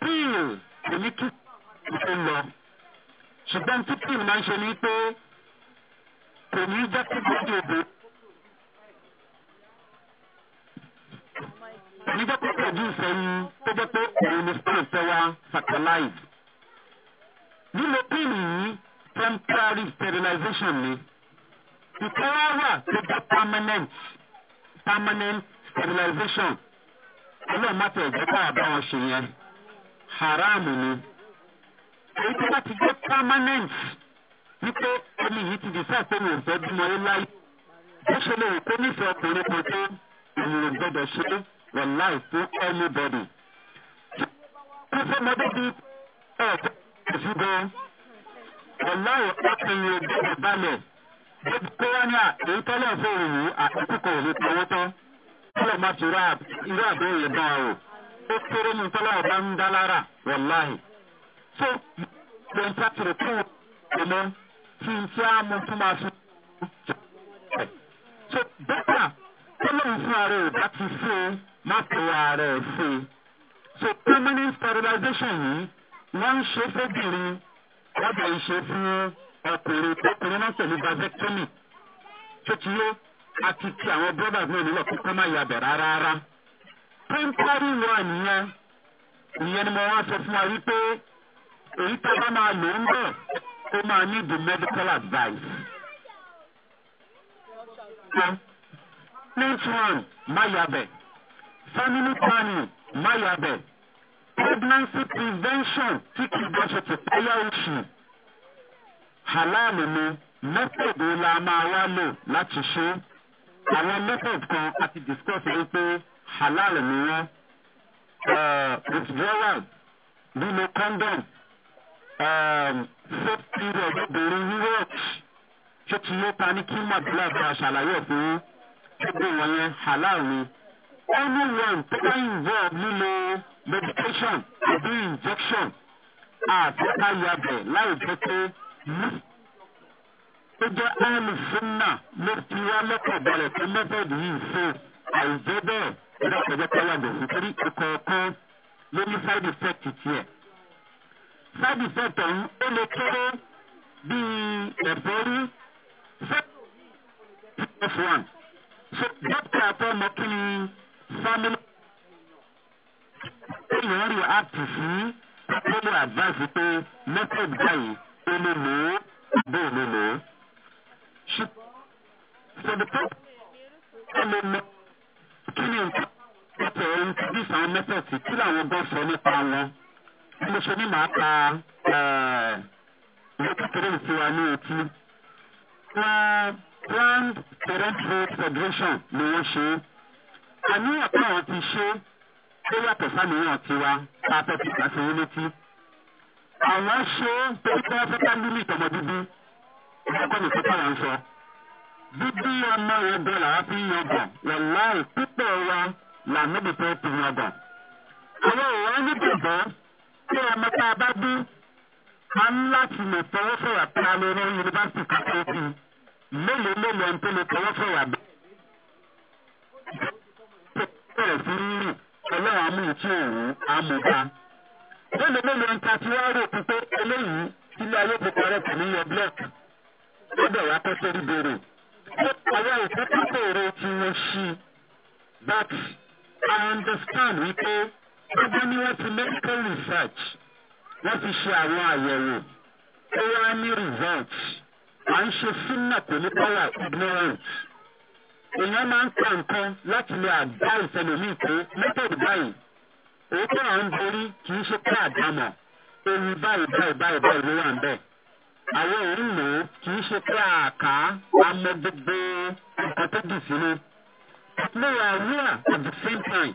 peel kò ní ìpè lọ ṣùgbọ́n tí pim máa ń ṣe ni pé kò ní jẹ́ kí bọ́dì òbí. Èmi jẹ́ pé producer ni tó jẹ́ pé òun ni space fẹ́ wá fertilize. Lílo pin yìí temporary sterilization ni. Ìkọ́wá wà tó jẹ́ permanent permanent sterilization. Ọlọ́run má tẹ̀ ẹ̀jẹ̀ bá wọn ṣe yẹn. Haram ni èyí tó bá ti jẹ́ permanent wípé ẹni yìí ti decide pé mi ò fẹ́ bímọ yín láyé ó ṣe lè kó nífẹ̀ẹ́ ọkùnrin kan tó ènìyàn gbọ́dọ̀ ṣe wọ̀ láì fún anybody. kí fọmọdé bíi ẹ̀ẹ́dẹ́gbẹ̀ẹ́ ìṣubú ọláwọ ọkùnrin ògbẹ́ni balẹ̀ gbogbo kó wá ní àtẹ̀yí tọ́lọ̀ fún òwú àtẹ̀kù kò lè tọwọ́ tán tọ́lọ̀ máa ti irú àbẹ̀yẹ bá o ó kéré ní tọ́lọ̀ ọba ń dá lára wọ̀láhì so ne nsa kyerɛ kuu ɛnu kyinkyia mu ntoma so so data kɔlɔm nsuare dati se mapeare se so permanent sterilization yìí wọn ṣe fẹbìrin wọdà ìṣe fún ọkùnrin ọkùnrin náà pẹlú vasectomy tó ti yé àti ti àwọn brothers náà nílò kókó má yà bẹ̀ rárá temporary one yẹn ìyẹn ni mo wá sọ fún wa wípé èyí tá a bá máa lò ń bẹ̀ ó máa ní the medical advice. Plate one Mayabẹ family planning Mayabẹ pregnancy prevention tí kì í bá ṣe ti pẹ́yà oṣù halal ni method la máa wá lò láti ṣe àwọn method kan a ti discuss wípé halal ni wọ́n withdrawal lílo condom safety rẹ̀ lóbìnrin europe ṣé ti yẹ ta ni kí madula bá a ṣàlàyé fún gbogbo wọn halal ni anyone tó bá involve lílo medication àbí injection àtẹ́ká yabẹ̀ láì jẹ́ pé ó jẹ́ alùsùnà ló fi wá lọ́kọ̀ balẹ̀ pé method yìí fún àìjẹ́ bẹ́ẹ̀ ẹ̀dá kọjá kọ́yà bẹ̀rù nítorí ìkọ̀ọ̀kan ló side effect tiẹ̀ sáàdì sẹ́tọ̀ yìí ó lè kéré bíi ẹ̀fọ́rí sẹ́tọ̀ one so dókítà àtọ́ ọmọ kí ni family èèyàn rí àpù sí ó lè advice pé method báyìí ó lè lò ó bẹ́ẹ̀ lè lò ó. sọ̀dọ̀ tó ó lè lọ kí ni nǹkan ẹ̀tọ́ introduce àwọn method sí kí làwọn gbọ́ sọ nípa wọn mo ṣe ní màá ka ìwé kékeré ìfura ní etí planned parenthood federation ni wọ́n ṣe àníyàn pé a ti ṣe tó yàtọ̀ sáníyàn tiwa tá a fẹ́ fi kà sí wọn létí àwọn ṣe pé kí wọ́n fẹ́ ká límìtì ọmọ bíbí ẹ̀kọ́ mi pípa wọn sọ bíbí ọmọ yẹn gan làwọn fi ń yangàn wọ̀láì pípọ̀ wa làmúbi tó ti yangàn àwọn òwò ẹni pé ọmọ tá a bá bí a ń láti lè tọwọ́ pé a lè rán yunifásitì kan tó kù mélòó mélòó ẹni tó lè tọwọ́ sọ̀rọ̀ bẹ́ẹ̀. sí rírì pẹ̀lú àwọn òwú amúba. mélòó mélòó ẹni tá a ti wá rò pípé eléyìí sílé ayé ti parẹ́ kò ní yọ blọọkì ó wá pẹ́ sórí ọwọ́ ìfẹ́ èrè ti wọ́n sí but i understand wípé gbogbo ni wọ́n ti medical research wọ́n ti ṣe àwọn àyẹ̀wò ó wá ní result à ń ṣe sínà kò power ignorance èèyàn máa ń ka nǹkan láti lè àdá ìfẹlòmíì pé method báyìí òótọ́ à ń borí kì í ṣe pé àdámọ̀ ewu báyìí báyìí báyìí báyìí ló wà ń bẹ̀ àwọn òun lò ó kì í ṣe pé àká amọ gbogbo nǹkan tó dì sínú. àtúnyẹ̀wò àríwá at the same time.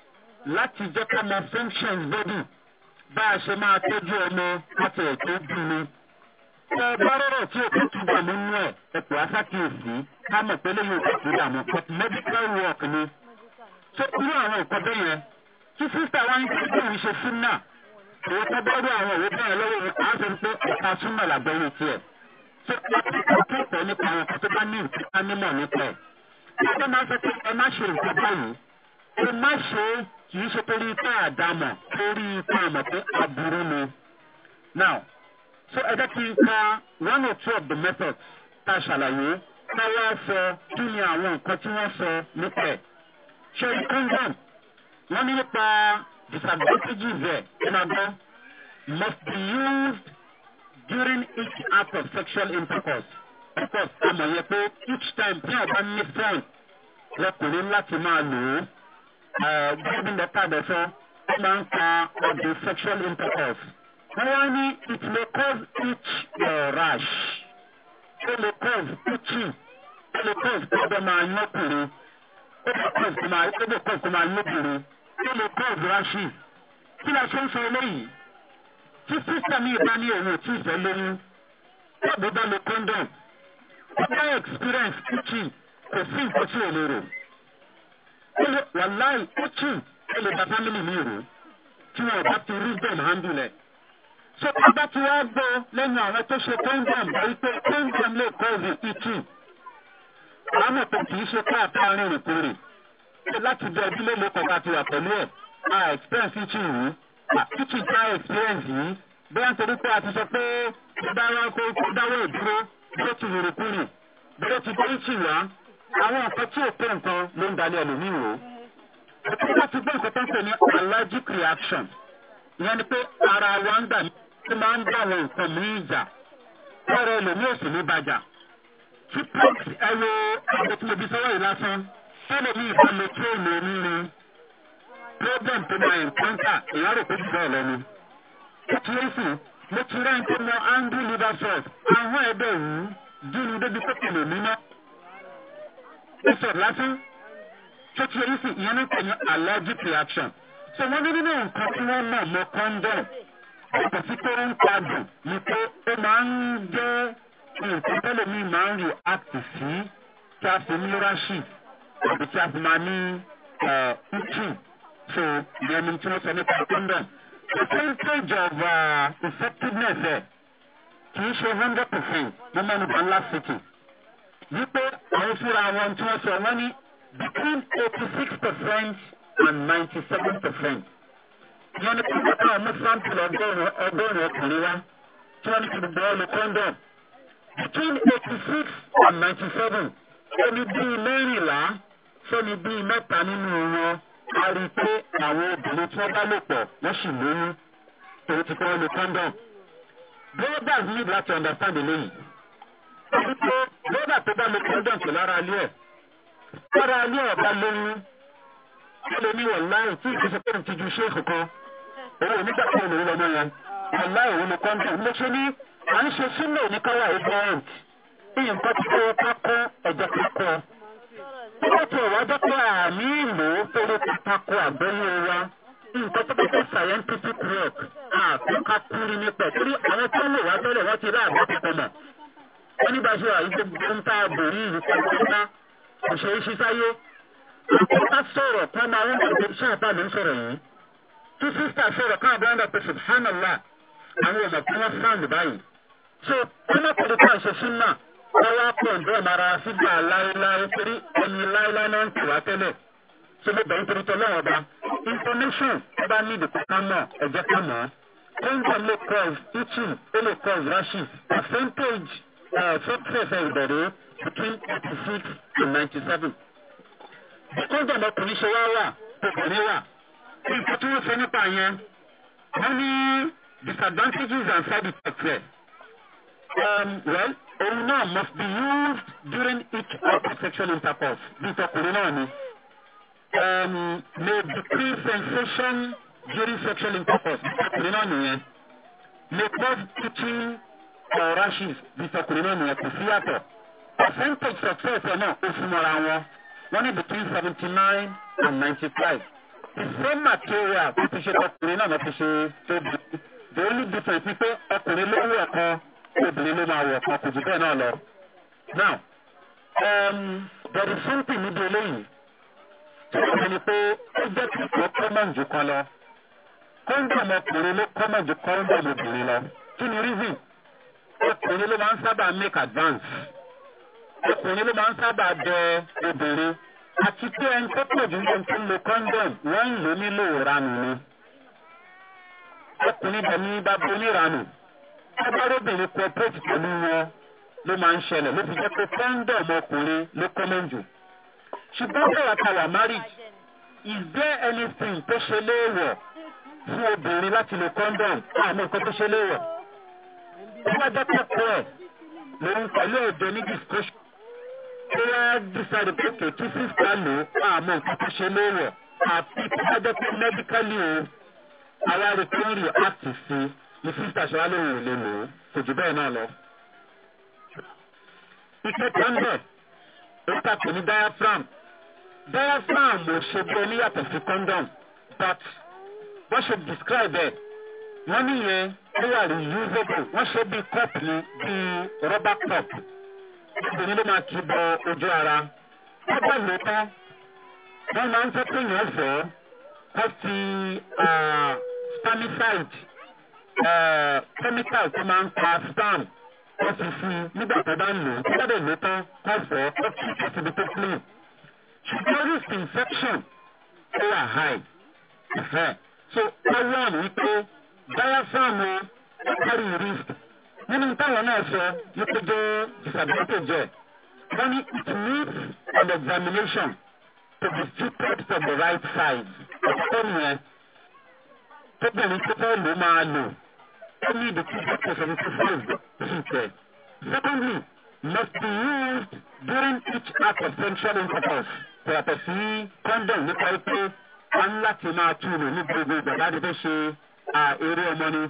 láti jẹ́ ká mọ functions body bá a ṣe máa tọ́jú ọmọ láti ẹ̀tọ́ bímọ. ṣé bárọ̀rọ̀ tí òkú túbọ̀ nínú ẹ̀ ẹ̀pọ̀ aṣákìyèsí ká mọ̀ pé lóyún òkú dààmú but medical work ni. tó irú àwọn nǹkan bẹ́ẹ̀ yẹn tí sísá wa ń tẹ́jú òun ṣe fún náà èyí tó gbọ́dọ̀ àwọn òwe bẹ́ẹ̀ lọ́wọ́ yẹn á sọ pé ọ̀tá súnmọ̀ làgbẹ́yìn tiẹ̀. tó kọ́ nípa àwọn kò tó bá ní ìtìkánímọ̀ nípa ẹ̀. ẹgbẹ́ máa sọ pé ẹ má ṣe nǹkan báyìí ẹ má ṣe kì í ṣe torí ipá àdámọ̀ torí ipá àmọ̀ pé aburú ni. now so ẹ jẹ́ kí n ka one or two of the methods tá a ṣàlàyé tá wá sọ kí ni àwọn nǹkan tí wọ́n sọ nípa ẹ̀. ṣe kóńgọ̀n wọ́n ní nípa disadvantages rẹ̀ ìnàgbọ́ must be used during each act of sexual intercourse. because àmọ̀ yẹ pé each time tí ọba ní fún ọkùnrin láti máa lò ó gbẹ́dùn the dẹ̀fẹ́ so máa ń ka ọ̀dọ̀ sexual intercourse. wọ́n it may cause itch or rash. It lè cause itching. It lè cause kó bẹ́ẹ̀ máa yọkùnrin. ó lè cause kó máa ó lè cause kó máa yọkùnrin. ó lè cause rashes. kí la ṣe ń sọ eléyìí? condom. ó bá experience itching kò sí nǹkan ele ó tù ẹ lè bá fámìlì mi rò tí wọn bá ti rí bẹ́ẹ̀ máa ń dùn lẹ̀. ṣé bàbá ti wá gbọ́ lẹ́yìn àwọn tó ṣe kóńdàm báyìí pé kóńdàm lè kọ́ọ̀sì ìtù àwọn ọ̀pẹ kì í ṣe káàtà rìnrìn kúrì láti bẹ ẹbílẹ̀ lè kọ̀ọ̀kan ti wà pẹ̀lú ẹ̀ a experience ìtù yìí ìtù já experience yìí bí wọ́n torí pé a ti sọ pé kó dáwọ́ ìdúró bí ó ti rìnrìn kúrì bí ó ti bọ́ ìtù wá àwọn nǹkan tí ò tó nǹkan ló ń dalẹ̀ ẹlòmíì wò ó tí wọ́n ti gbé nǹkan tó ń pè ní allergic reaction ìyẹn ni pé ara wa ń gbà tó máa ń dáwọn nǹkan míì jà lọ́rọ̀ ẹlòmíì ò sì ní bàjà tí pọ́ǹt ẹ̀rọ àgbẹ̀tìmọ̀bí sọ́wọ́ yìí lásán tẹ́lẹ̀mí ìbámu tó lè ní ni problem tó máa encounter èèyàn rò pé jù bẹ́ẹ̀ lọ́nu ó ti rí fún mo ti rẹ́ ń tó mọ angry liver cells àwọn ẹ̀bẹ̀ wù dúró débi pé lè ní náà bishop lásán tó ti rí sí ìyẹn ní pẹ̀lú allergic reaction so wọ́n ní nínú nǹkan tí wọ́n mọ̀ mọ́ condom ọ̀pọ̀ sí pé ó ń padà ni pé ó máa ń jẹ́ nǹkan tẹ́lẹ̀ mi máa ń react sí kí a fi múrasì àbí kí a fi máa ní ntù so ìyẹn ni tí wọ́n sọ nípa condom percentage of uh, effectiveness ẹ̀ kì í ṣe hundred percent ní mẹ́nu kan lásìkò wípé àwọn fúnra wọn tí wọ́n sọ wọ́n ní between eighty six percent and ninety seven percent yẹn ní kókó tó àwọn sáǹpìlì ọgọ́rùn-ún ọgọ́rùn-ún ọkùnrin wa tí wọ́n ní kí gbogbo ọ lọ kọ́ńdọ̀m between eighty six and ninety seven ẹni bíi mẹ́rìnlá sẹ́ni bíi mẹ́ta nínú wọn a rí i pé àwọn obìnrin tí wọ́n bá lò pọ̀ wọ́n sì lóyún èyí ti kọ́ ọ lọ kọ́ńdọ̀m. brothers need láti understand eléyìí lọ́dà tó bá lo kọ́ńdọ̀tì lára alẹ́ ẹ̀ lára alẹ́ ẹ̀ bá lóyún ó lè ní wọ̀n láì tí ìgbésẹ̀ pé ní tijú ṣé èkó kan owó onígbà tó lè lọ lóyún wọ̀n láì òun lo kọ́ńdọ̀tì mo ṣe ní à ń ṣe sílẹ̀ oníkáwà ignorant bí nǹkan ti kọ́ ká kọ́ ẹ̀jẹ̀ ká kọ́ bí wọ́n ti wá jẹ́ pé àmì ìlú fẹ́rẹ́ ká kọ́ àgbẹ̀wò wa nǹkan tó bá fẹ́ scientific work àfikà kúrin nípa ẹ̀ torí àwọn tó ń lò wá tẹ́lẹ̀ wọ́n ti rí àgbẹ̀ tuntun náà wọ́n ní bá ṣe àyè gbogbo ń tá ààbò yìí ìfọ̀kọ́ta ọ̀ṣẹ́ iṣẹ́ sáyé àkọ́kọ́ sọ̀rọ̀ kọ́ máa ń gbàgbé iṣẹ́ àbá mi ń sọ̀rọ̀ yìí tí sísà sọ̀rọ̀ káà bá ń dà pé subhanallah àwọn ọmọ tí wọ́n sáàmì báyìí so wọ́n mọ̀ pẹ̀lú káà ṣe sún náà wọ́n wá pọ̀ ǹdọ́ mara sígbà láéláé torí ẹni láéláé náà ń tì wá tẹ́lẹ̀ so mo bẹ̀rù torí tọ́lọ́ ọba information tó bá ní ìdìbò ká mọ̀ ẹ̀jẹ̀ ká mọ̀ ó ń gbà lè cause itching ó lè cause rashes percentage uh, 40% bẹ̀rẹ̀ between 86 to 97. kóńtà ọmọkùnrin ṣe wá wà obìnrin wà nǹkan tí wọ́n ṣe nípa yẹn wọ́n ní disadvantages and side effects rẹ̀. Um, well, òun náà must be used during each other sexual intercourse bí tọkùnrin náà ni. Um, may decrease sensation during sexual intercourse bí tọkùnrin náà nìyẹn. may cause itching or rashes Mr. Kurimani kò sí yàtọ̀ percentage success ẹ̀ náà ó súnmọ́ra wọn wọ́n ní between seventy nine and ninety five the same material tó ti ṣe ọkùnrin náà ti ṣe tóbi the only difference ni pé ọkùnrin ló wù ọ̀kan obìnrin ló máa wù ọ̀kan kò jù bẹ́ẹ̀ náà lọ now um, there is something níbi eléyìí tó wà ní pé ó jẹ́ kí ìkọ́ kọ́mọ̀n jù kan lọ kọ́ńdọ̀mù ọkùnrin ló kọ́mọ̀n jù kọ́ńdọ̀mù obìnrin lọ kí ni reason ọkùnrin ló máa ń sábà make advance ọkùnrin ló máa ń sábà bẹ obìnrin àti pé ẹni tó pọ̀ jù ní tó ń lo condom wọ́n ń lò nílò ìranù ni ọkùnrin bẹ̀ ní bàbá oníranù abárobìnrin cooperate pẹ̀lú wọn ló máa ń ṣẹlẹ̀ ló fi jẹ́ pé condom ọkùnrin ló common jù ṣùgbọ́n bẹ̀rẹ̀ kàwà marriage is there anything tó ṣe léèwọ̀ fún obìnrin láti lo condom àmọ́ nǹkan tó ṣe léèwọ̀ ìdájọ́ kẹ́kọ̀ọ́ ẹ̀ lòun pẹ̀lú èdè ní discussion tí wọ́n dísàdì pé que sísá lò ó àmọ́ nǹkan tó ṣe lówọ̀ àti ìdájọ́ pé mẹ́díkálì o ara rẹ̀ tó ń rí àti sí ní sísá ṣọlá lòun ò lè lò ó kò jù bẹ́ẹ̀ náà lọ. ìkẹta ń bẹ̀ ó tàpé ní diaphragm diaphragm ò ṣe bí oníyàtọ̀ sí condom but wọ́n ṣe describe ẹ̀ wọ́n níyẹn wọ́n rí usable wọ́n ṣe bíi cup ni bíi rubber cup obìnrin ló máa kí bọ ojú ara ọgbà lóta wọ́n máa ń fẹ́ pé yẹn fẹ́ kó fi spermicide chemical tó máa ń pa sperm kó fi fún un nígbà tó bá ń lò ó kó lè lóta kó fẹ́ kó fi ìtòsíbi tó clean ṣùgbọ́n risk infection ó wà high so ọwọ́ àmì pé bẹ́ẹ̀ fáàmù ẹ̀kárí risk nínú táwọn náà sọ ló kó jẹ́ disadvantage ẹ̀ wọ́n ní it needs an examination to be fitted for the right side ọ̀pọ̀ nìyẹn tóbìnrin tó fẹ́ ló máa lò ó ní ìdí tí ó kọ̀ seventy five percent. secondly must be used during each act of sexual intercourse yàtọ̀ sí condom nípa pé wọ́n láti máa túlò ní gbogbo ìgbà láti fẹ́ ṣe eré ọmọ ni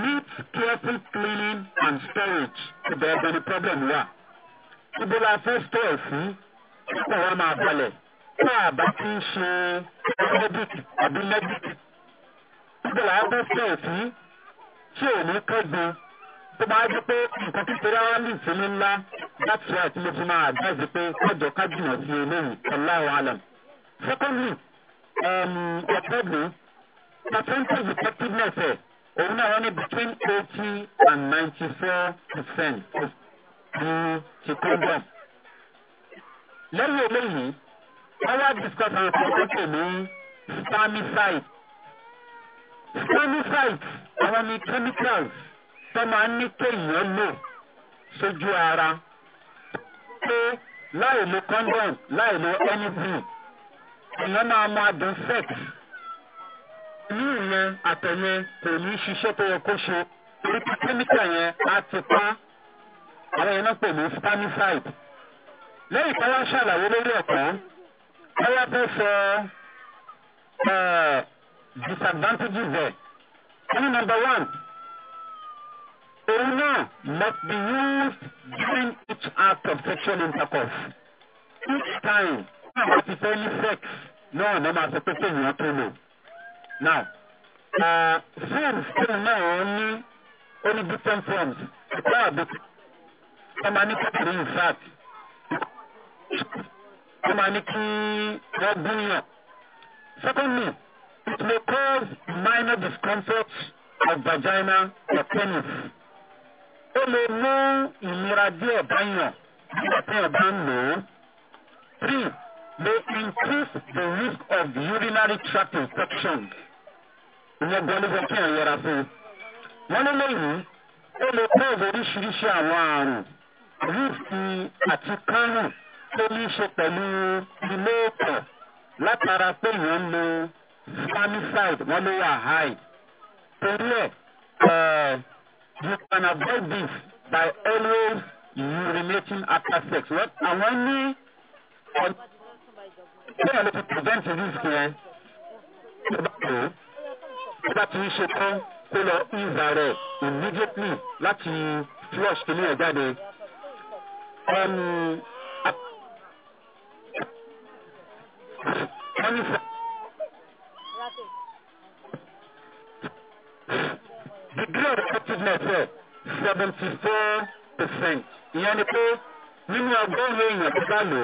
neat careful cleaning and storage ibẹ̀ ẹ̀bẹ̀ ni problem wà ibo la fẹ́ store sí kó wọ́n máa balẹ̀ kó àbá tí ń ṣe medic àbí medic ibo la fẹ́ store sí tí ò ní kẹ́gbin tó bá dé pé nǹkan kékeré wọn lè fi ní ńlá láti rà tí mo fi máa àgbàjì pé kọjọ ká jìnnà sí eléyìí ọláwọ àlọ. secondly ọ̀pẹ́ um, mi percentage effectiveness ẹ̀ òun náà wọ́n ní between eighty and ninety four percent ní ti condom. lẹ́yìn eléyìí wọ́n wá discuss àwọn kan tó pè ní spermicide. spermicide àwọn ni chemicals tó máa ń ní kéèyàn lò sójú ara pé láì lo condom láì lo anything èèyàn máa máa dùn sex ọmọ àtẹ̀yẹ kò ní ṣiṣẹ́ tó yẹ kó ṣe torí pé kẹ́míkà yẹn á ti pa àwọn yẹn náà pè ní spermicide. lẹ́yìn tí wọ́n ṣàlàyé lórí ẹ̀kọ́ wọ́n wá fẹ́ sọ eh, disadvantages ẹ̀. Any number one, Orina must be used during each act of sexual intercourse. Each time, wọ́n máa ti fẹ́ sex náà náà máa sọ pé kéèyàn tó lò. Now, Zeal still náà wọ́n ní ó ní different forms. Ẹ̀kọ́ àbíkú. Wọ́n máa ní kékeré in fact. Wọ́n máa ní kí wọ́n gúnyàn. Secondly, it may cause minor discomfort of vagina or penis. Ó lè mú ìnira díẹ̀ báyàn nígbà tí ẹ̀ bá ń lò ó. Three, may increase the risk of urinary tract infections ìyẹn gan ló fẹ́ kí ẹ̀ yẹra fún un. wọ́n ní lẹ́yìn ó lè pọ́ọ̀bù oríṣiríṣi àwọn àrùn ríìsì àti kárùn tó ní í ṣe pẹ̀lú ilé ọ̀pọ̀ látara pé ìyẹn lo famicide wọ́n ló wà high. torí ẹ̀ you can avoid this by always urinating after sex. àwọn ní ọ̀nà tí wọ́n lè fi prevent risk yẹn tó bá ti ń ṣe tán kó lọ ìzà rẹ̀ immediately láti flush kìíní ẹ̀ jáde. wọ́n ní sọ. degree of effectiveness ẹ̀ seventy four percent ìyẹn ni pé nínú ọgọ́rùn-ún èèyàn tó bá lò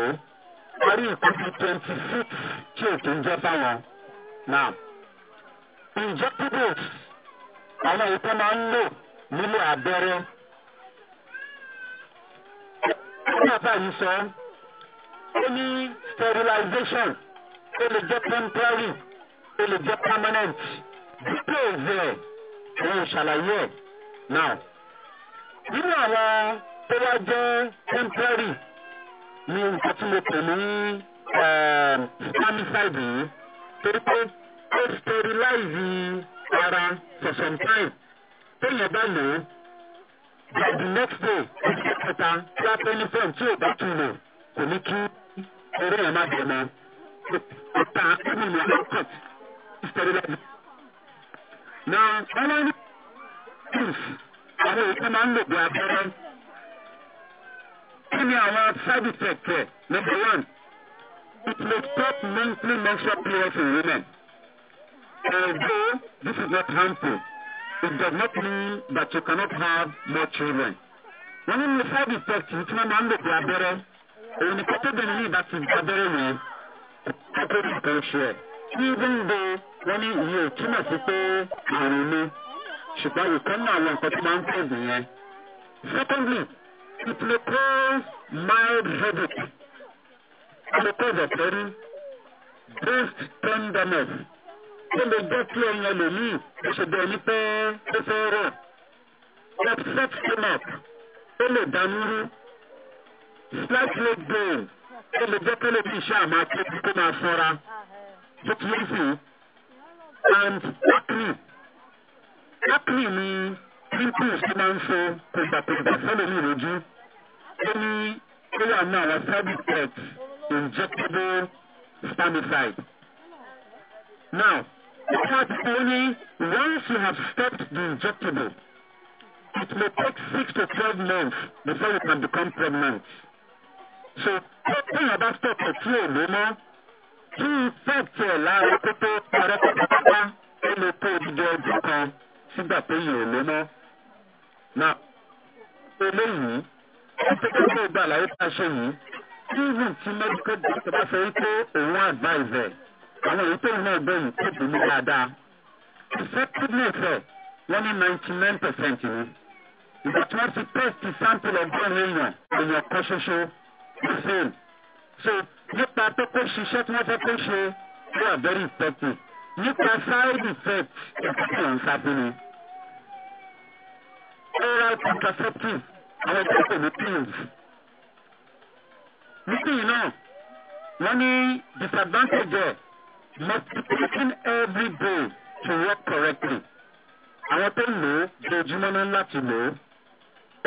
ó parí ìkọ́jú twenty six tí ò tó ń jẹ́ báwọn náà injectables hmm. àwọn èyí tó máa ń lò nílé abẹ́rẹ́. Nígbàtà yìí sọ, ó ní sterilization, ó lè jẹ́ temporary, ó lè jẹ́ permanent. Details ẹ̀ òun ṣàlàyé ẹ̀ now. Nínú àwọn tó wá jẹ́ temporary ni nǹkan tí mo pè ní eh, spermicide yìí torí pé ó sterilize ara for some time téèyàn bá lò ó by the next day ọjọ́ kẹta tí a pẹ́ ní fẹ́m tí ò bá tún lò kò ní kí eré ẹ̀ má bẹ̀rẹ̀ mọ́ ọ̀tá ẹ̀mí ni ó kọ̀ sterilize. na ọlọ́run ní pills àwọn èèyàn máa ń lò bí abẹ́rẹ́ kí ni àwọn side effects rẹ̀ number one it may stop monthly menstrual periods in women although this is not harmful, it does not mean that you cannot have more children. wọ́n ní ní side effect tí wọ́n máa ń lò pé abẹ́rẹ́ òun ni kọ́tẹ́bìnrin yìí is ti abẹ́rẹ́ yẹn kọ́tẹ́bìnrin kan ṣe ẹ̀. even though wọ́n ní ìyẹn ò túmọ̀ sí pé àrùn ni ṣùgbọ́n ìkan náà àwọn nǹkan tó máa ń tẹ̀sí yẹn. secondly it may cause mild headache. it may cause a very brief tenderness ó lè bẹ́ tí ẹ̀yìn ẹlòmíì ó ṣe bẹ́ẹ̀ ní pé ó fẹ́ rọ̀ upset stomach ó lè dánú rú slight leg pain ó lè jẹ́ kẹ́lẹ́ bí iṣẹ́ àmọ́ akéwì kó máa fọ́ra tó ti yẹn fún and acne acne ni pimples tó máa ń fọ kògbàkògbà sẹ́lẹ̀mì lójú ó ní ó wà ní àwọn side effects injectable spermicide now. It cut only once you have stopped the injectable. It may take six to twelve months before it can become pregnant. So, talking about stop at tí ò lé mọ́, kí effect ẹ̀ lára kó tó parẹ́ pátápátá ó lè tó odidi ọdún kan sígbà tó yàn ò lé mọ́. Na eléyìí, ó ti kọ́ pé ìgbà àlàyé tá a ṣe even tí medical doctor bá sọ wípé òun advise ẹ̀ àwọn èyí tó ń náà bẹ́ẹ̀ tó dùn mí dáadáa effectiveness rẹ̀ wọ́n ní ninety nine percent ni ìgbà tí wọ́n ti test sample ọgbọ́n èèyàn èèyàn kan ṣoṣo the same so nípa pé kó ṣiṣẹ́ tí wọ́n fẹ́ kó ṣe they are very effective nípa side effect ìpínlẹ̀ ń sábẹ́ ni oral contraceptive àwọn ẹgbẹ́ pè ní pills nítorí náà wọ́n ní disadvantage ẹ̀ multiplication every day to work correctly. Àwọn tó lò ó dojúmọ́ náà láti lò ó.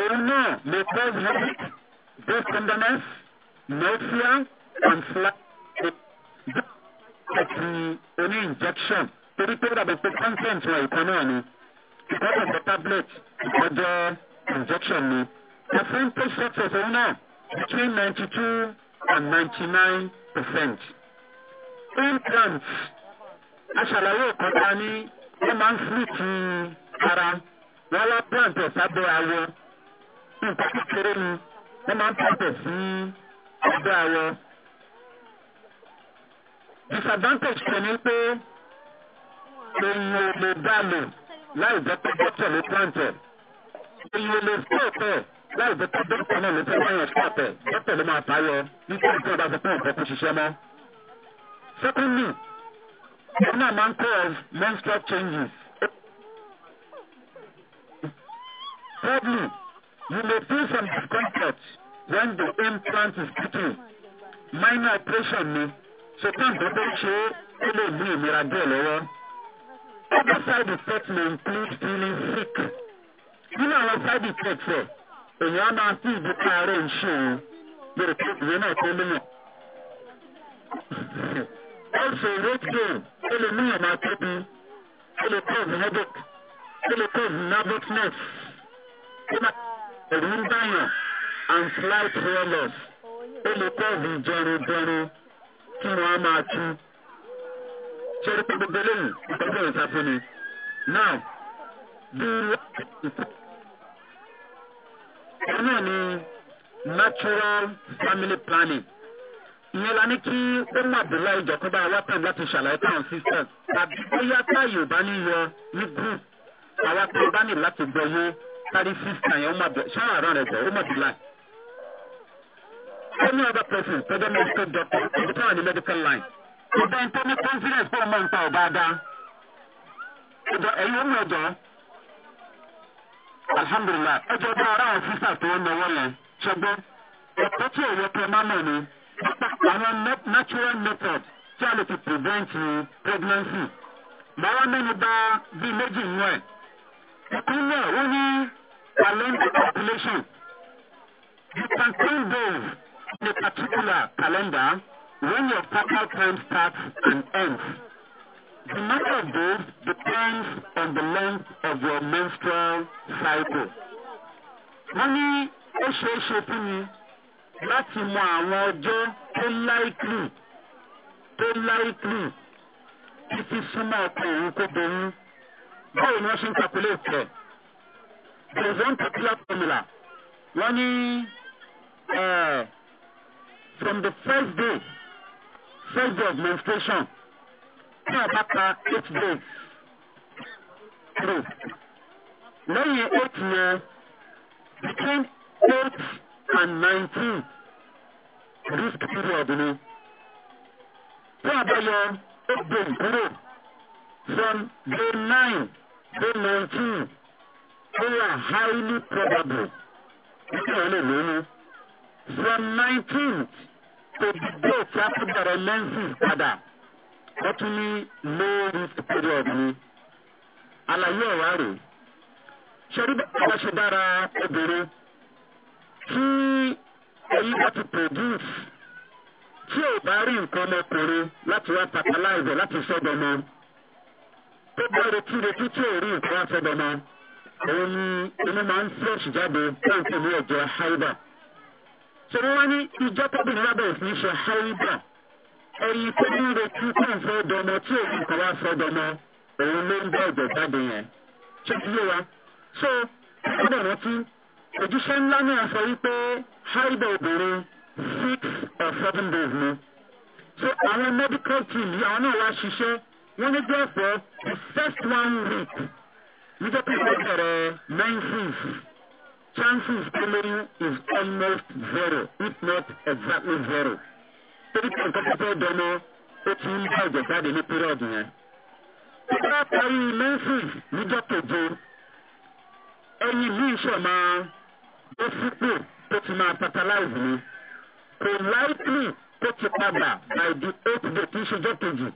Òun náà lè cause headache, breast tenderness, nausea and flat àti oní injection torí pé dàbí pé content wọn ìkan náà ni. Ìkọ́jọ́ jẹ́ tablet, ìkọ́jọ́ injection ni. Percentage success òun náà between ninety two and ninety nine percent eight times aṣàlàyé ìkọta ní wọ́n máa ń fìtì ara wọ́n wá plant ẹ̀ sábẹ́ awọ nǹkan kékeré ni wọ́n máa ń plant ẹ̀ sí ẹgbẹ́ awọ. disadvantage kan ni pé èèyàn ò lè dá lò láì jẹ́ pé dókítà ló plant ẹ̀ èèyàn ò lè stop ẹ̀ láì jẹ́ pé dókítà náà ló fẹ́ báyọ̀ stop ẹ̀ ló máa tayọ nítorí tí wọ́n bá fẹ́ pé nǹkan kó ṣiṣẹ́ mọ́. Secondly, when a man of menstrual changes. Thirdly, you may feel some discomfort when the implant is picking. Minor operation ni, ṣetán tó tó ṣe é lè mú Other side effects may include feeling sick. You know, àwọn side effects ẹ̀, When you are not àárẹ̀ ń ṣe òun. Bẹ̀rẹ̀ pé ìwé náà tó lóyún. Also, ṣe rédíò ó lè ní ọ̀nà tóbi ó lè kó and slight hair loss ó lè kó ìjẹrindẹrin tí wọ́n á now the ẹ̀ náà ni natural family planning ìyẹn la ní kí ó mọ àbúlá ìjọkúnbá alápàm láti ṣàlàyé táwọn sisters tàbí bóyá táyì ò bá ní yọ ní group àwọn tó bá ní láti gbọyé kárí sister yẹn ó mọ àbúlá ṣáà àrùn rẹ jọ ó mọ àbúlá. ó ní ọba person tọjọ medical doctor tàbí táwọn ní medical line ìgbà ń tọ́ ní confidence fún ọmọ nǹkan ọ̀bá dá. ẹjọ ẹyin ó mú ẹjọ alhamdulilayi ẹjọ bá ara àwọn sisters tó ń lọ wọlé ṣẹgbọn ẹ̀kọ́ tí ò àwọn natural method tí a lè fi prevent uh, pregnancy màá wá mẹ́nu bá bíi méjì nínú ẹ̀ ìpínlẹ̀ wọ́n ní calendar calculation you can count those in a particular calendar when your fertile time starts and ends. The number of days depends on the length of your menstrual cycle. Wọ́n ní ó ṣeé ṣe fún mi láti mọ àwọn ọjọ́ tó láìkìlù tó láìkìlù títí súnmọ́ ọkọ̀ òun kó doyún báwo ni wọ́n ṣe ń kàkúlé ìfẹ́ there is one particular formula wọ́n ní eh, from the first day first day of menstruation ní ọba ka eight days through lẹ́yìn eight yẹn between eight and 19. risk period ni tí a bá yọ ogbon kúrò from day nine to 19, ó wà highly probable wípé wọn lè lóyún from 19 to the day tí a tún bẹ̀rẹ̀ lenses padà wọ́n tún ní low risk period ni àlàyé ọ̀wá rè ṣe rí bá a ṣe dára obìnrin tí hmm, ẹni láti produce tí ò bá rí nǹkan ọmọkùnrin láti wá fertilize láti sọ́dọ̀mọ tó bá retí retí tí ò rí nǹkan sọ́dọ̀mọ òun ni inú máa ń flush jáde láǹkì ní ẹ̀jẹ̀ haida ṣé wọ́n ní ìjọ tóbi lábẹ́ òfin ṣe haida ẹyin tó ń retí tó ń sọ́dọ̀mọ tí ò rí nǹkan wá sọ́dọ̀mọ òun ló ń bá ẹ̀jẹ̀ jáde yẹn ṣé kí yé wa so ẹgbẹ́ rántí òjíṣẹ́ ńlá náà sọ wípé haida obìnrin six or seven days ni so àwọn medical team yìí àwọn náà wá ṣiṣẹ́ wọ́n ní therefore the first one week níjẹ́ pé wọ́n bẹ̀rẹ̀ nine six chances coming is almost zero if not exactly zero torí pé nǹkan tó fẹ́ dọ́mọ́ ó ti ń bá ẹ̀jẹ̀ jáde ní period yẹn. tó bá parí nine six níjọ́ keje ẹyin ní ìṣọ̀ máa ó sípò tó ti máa fertilize ni kò likely tó padà by the eighth day kì í ṣe jọ́kejì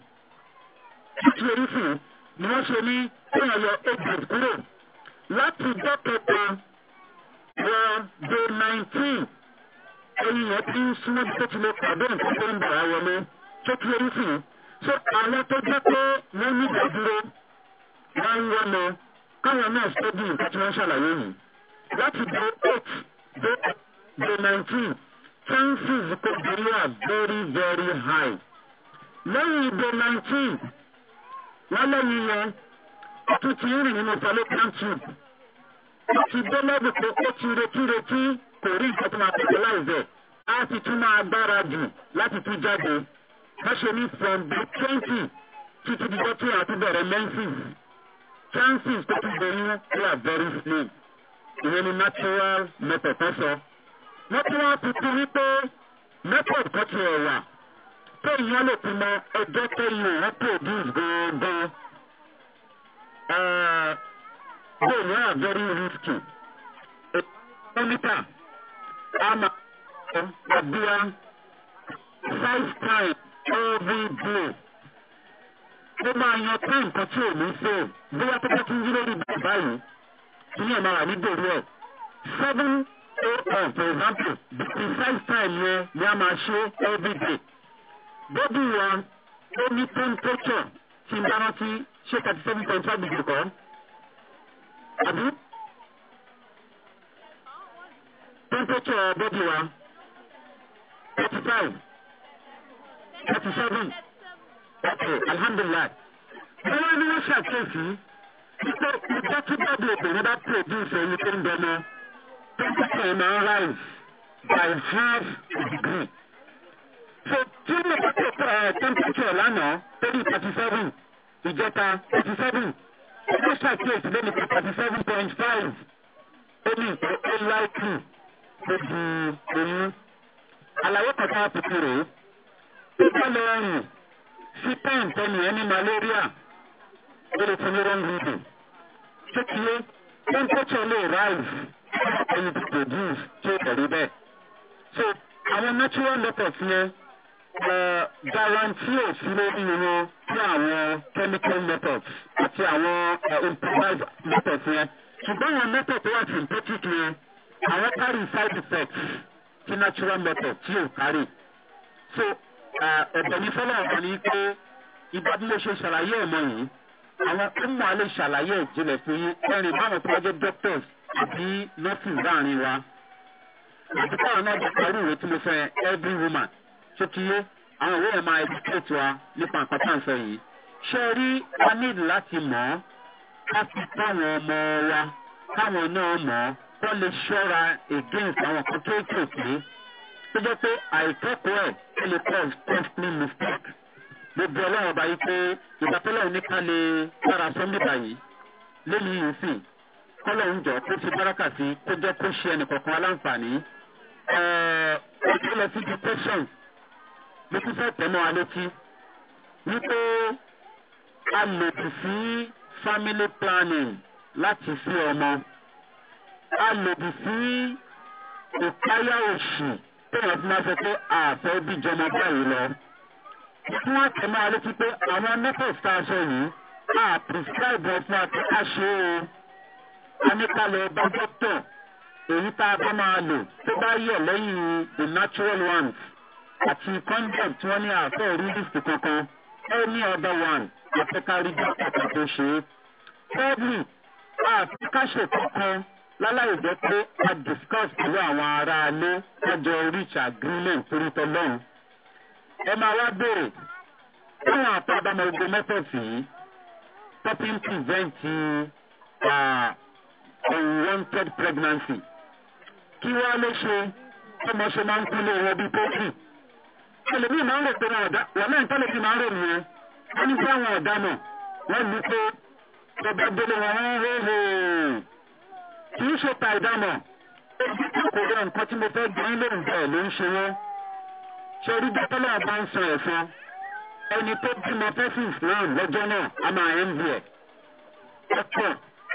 títí orí fún ni wọ́n ṣe ní kéèyàn yọ eight days kúrò láti ọjọ́ kẹta wọ day nineteen ẹyin yẹn ti ń súnmọ́ tó ti lè pàdé nǹkan tó ń bà wá wọlé tó ti orí fún so àwọn tó jẹ́ pé wọ́n ní ìdádúró wọ́n ń wọ́n lọ káwọn náà ṣẹ́gun nǹkan tí wọ́n ṣàlàyé yìí láti day eight day day nineteen chances kò délé are very very high lẹ́yìn day nineteen wọ́n lẹ́yìn yẹn ó tún ti rìn nínú fallopian tube ó ti dé lẹ́bù pé ó ti retí retí kò rí nǹkan tó máa fertilize ẹ̀ á ti tún máa gbára jù láti tún jáde wọ́n ṣe ní from day twenty títí di dọ́tí àti bẹ̀rẹ̀ lenses chances tó tún dé ní they are very slim ìyẹn ni natural method tó sọ natural tún wá tuntun wípé method kan ti ẹ̀ wà tó ìyẹn lè fi mọ ẹjọ́ tó yẹ wọ́n produce gan-an bóyá ní à very risky mọ́nítà àmà àbíyá five times every day ó máa yan pé nǹkan tí ò ní fẹ́ bóyá tó bá ti ń yí lórí báyìí yíyàn máa wà ní dòru ẹ̀ seven a.m. for example the precise time yẹn ni a máa ṣe every day. bébí wọn ó ní temperature tí n dáná tí ṣé thirty seven point five degree kan àbí temperature bébí wa thirty five thirty seven okay alhamdulilayi. wọ́n ní wọ́n ṣàkíyèsí pé ìjọ tí bọ́ọ̀dù obìnrin produce anything. tó ń dọmọ temperature máa ń rise by half a degree. so two mo bá tó temperature lánàá torí thirty seven ìjẹta thirty seven ọdún ṣàkíyèsí lónìí pé thirty seven point five ó ní ìpè ó láìpù lójú oyún. àlàyé kan tá a pèpè rèé pípa lọ ẹni malaria ó lè fún ní wrong reading ṣéṣiyé temperature lè rise ẹyin ti produce tí ó tẹ̀lé bẹ́ẹ̀. so àwọn natural methods yẹn uh, guarantee ò sí lórí wọn sí àwọn chemical methods àti àwọn uh, improvised methods yẹn ṣùgbọ́n àwọn method tó wà synthetic yẹn àwọn carry side effects ti natural method tí ò carry. so ẹ̀bẹ̀ uh, ní fọlọ́ ọ̀kan ni pé ìgbà bí mo ṣe ṣàlàyé ọ̀mọ yìí àwọn ọmọ alẹ́ ṣàlàyé ìjìnlẹ̀ fún yín ẹ̀rìn báwọn tó wájú doctors àbí nurses láàrin wa àti káwọn náà jẹ́ pẹ̀lú ìwé tí mo fẹ́ every woman tó kí yé àwọn ìwé yẹn máa educate wa nípa nǹkan yìí ṣé rí a need láti mọ̀ ọ́ ká fi táwọn ọmọ wa táwọn náà mọ̀ ọ́ kọ́ lè ṣọ́ra against àwọn kan kéékèèké tó jẹ́ pé àìkẹ́kọ̀ọ́ ẹ̀ lè cause costly mistake mo bẹ ọlọ́run ọba yìí pé ìgbàtọ́lọ́run nípa lè dára sọ́ńdì báyìí lẹ́yìn yìí sìn kọ́lọ́run jọ kó fi báràkà sí kó jẹ́ kó ṣe ẹnìkọ̀ọ̀kan aláǹfààní. ó ti lọ sí di question mo tún fẹ́ tẹ̀mọ́ alétí wípé a lòdì sí family planning láti sí ọmọ a lòdì sí ìpáyà òṣù tó yẹ fún wa sọ pé àfẹ́ bíjọmọ báyìí lọ kí wọ́n ti máa létí pé àwọn nipples tá a sọ yìí a prescribe fún àti káṣe o a ní ká lọ bá dókítà èyí tá a bá máa lò tó bá yẹ lẹ́yìn the natural ones àti condom tí wọ́n ní àfẹ́ rídìsì kankan any other one àfẹ́kárí dókítà tó ṣe é. thirdly a káṣe kankan láláì jẹ́ pé a discuss pẹ̀lú àwọn ará ilé lọ́jọ́ reach agreement torítọ́ lọ́hùn ẹ máa wá béèrè táwọn àtọ́ àdámọ̀ ogun mẹ́tẹ̀ẹ̀sì yìí stopping prevent unwanted uh, pregnancy kí wọ́n lè ṣe tó mọ̀ ṣe máa ń kú lé wọn bíi pọ́kì. ẹlòmíì máa ń rò pé wọn ọ̀dà wọn náà tẹ́lẹ̀ fi máa ń rò nìyẹn wọ́n ní pé àwọn ọ̀dàmọ̀ wọ́n ní pé tọ́gbà délé wọn ń rò rò kì í ṣe ta ìdámọ̀ ojú kòkòrò nǹkan tí mo fẹ́ gbé lóun bẹ́ẹ̀ ló ń ṣe wọ́n ṣe orí dátẹ́lẹ̀ ọba ń sọ ẹ̀fọ́ ẹni tó bímọ fẹ́sì islam lọ́jọ́ náà a máa ń bù ẹ̀. ọ̀pọ̀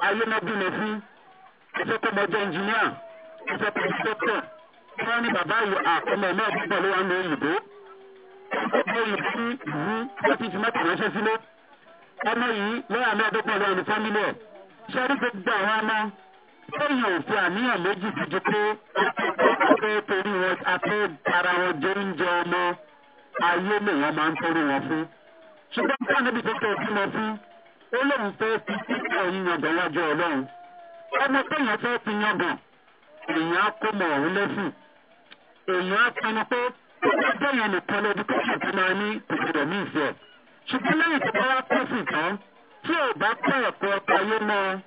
ayémọ́bímọ fún ẹ̀fẹ́ kọ́ mọ́jọ́ ẹnjìníà ẹ̀fẹ́ kọ́ mọ́jọ́ dókítà wọ́n ní bàbá yìí àkọ́mọ náà bíbọ̀ ló wà ní òyìnbó. ọ̀pọ̀ òyìnbó ní ìlú láti fi mọ́tò ránṣẹ́ sílé. ọmọ yìí lọ́yà mẹ́ẹ̀ẹ́dọ́gbọ̀n lọ́wọ́ ní fámílì ẹ̀ ṣé orí gbogbo àwọn ọmọ lẹ́yìn òfin àníyàn méjì dúdú pé afẹ́ torí wọn afẹ́ ara wọn jẹ oúnjẹ ọmọ ayé lèèyàn máa ń torí wọn fún. ṣùgbọ́n tí àníbi tó tẹ̀ sí wọn fún ó lóun fẹ́ fi títí ẹ̀yìn yangàn wájú ọlọ́run. ọmọ téèyàn fẹ́ fi yangàn èèyàn á kó mọ̀ ọ̀hún lẹ́sìn. èèyàn á pinnu pé ó jẹ́ yẹn nìkan lójú tó ṣètò máa ní kòkòrò ní ìfẹ́. ṣùgbọ́n lẹ́yìn tó bá wá pẹ́sì tán tí ò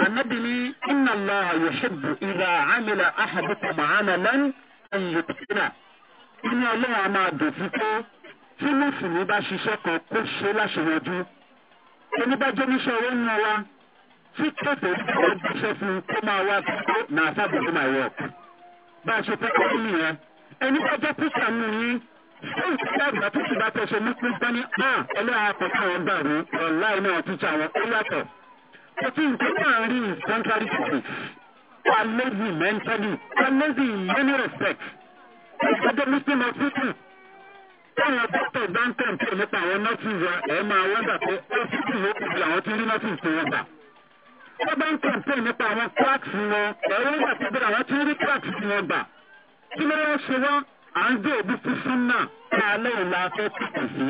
anabi ni inna allah yuhibbu idha amila ahadukum amalan an yutqina inú ọlọ́run a máa dùn fún pé tí mùsùlùmí bá ṣiṣẹ́ kan kó ṣe láṣeyọjú ẹni bá jẹ́ níṣẹ́ owó ń wa tí kéde ìgbà gbèsè fún kó máa wá kó náà sábàbí my work bá a ṣe fẹ́ kọ́ nìyẹn ẹni bá jẹ́ píkà nù yín fún ìgbàgbà tó ti bá tẹ̀sẹ̀ ní pípẹ́ ní hàn ẹlẹ́yà àkọ́kọ́ ọ̀dà rẹ̀ ọ̀la iná ọ̀túnṣe àwọn ó yàtọ̀. Ẹ̀sìn tó náà rí is contrary to this. Wà lazy mentally, wà lazy in many respects. Ẹ̀sìn Muslim hospital. Táwọn dókítà bá ń tẹ̀m̀pé nípa àwọn nọ́ọ̀sìs wa, ẹ̀ máa wọ́dà pé ó sì kù ló kù bí àwọn tí ń rí nọ́ọ̀sìs tó wọ́n gbà. Wọ́n bá ń tẹ̀m̀pé nípa àwọn cracks wọn, ẹ̀ wọ́dà pé bí àwọn tí ń rí cracks tí wọ́n gbà. Kí ló wá ṣe wá? À ń gbé òbí fífún náà ká lẹ́yìn la fẹ́ pèsè sí.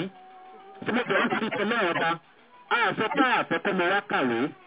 Tí mo bẹ̀rẹ̀ ń fi tẹ́lẹ̀ ọ̀dà, àṣẹ ká mọ wá kàwé.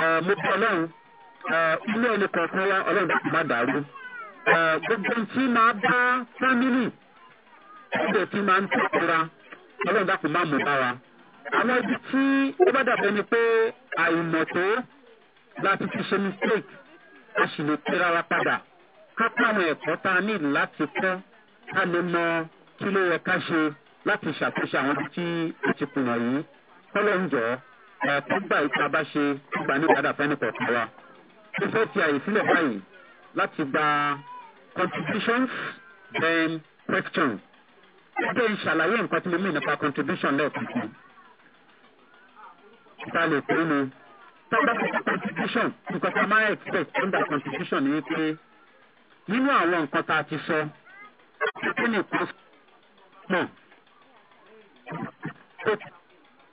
mo bí ọlọ́run ilé ẹni kọ̀ọ̀kan wa ọlọ́run dàpọ̀ má dàrú gbogbo tí máa bá fámìlì ẹgbẹ́ tí máa ń tẹ̀kura ọlọ́run dàpọ̀ má mú bára àwọn ibi tí ó bá dàbẹ́ ni pé àìmọ̀tó láti fi ṣe mistake a sì lè pera wa padà ká táwọn ẹ̀kọ́ tá a ní láti kọ́ ká lè mọ kí ló yẹ ká ṣe láti ṣàtúnṣe àwọn ibi tí ó ti kùnà yìí kọ́lọ́ ń jọ̀ọ́ ẹ̀kọ́ gbà yìí tá a bá ṣe gbà ní padà fẹ́ni kọ̀ọ̀kan wa ó fẹ́ fi àyè sílẹ̀ báyìí láti gba contributions then questions ó bẹ́ẹ̀ ń ṣàlàyé nǹkan tí mo mí nípa contribution lẹ́ẹ̀kọ̀ọ̀kan ta lè pé ni tá a bá fi contribution nǹkan tá a máa expect under contribution ni pé nínú àwọn nǹkan tá a ti sọ kí ni nǹkan tó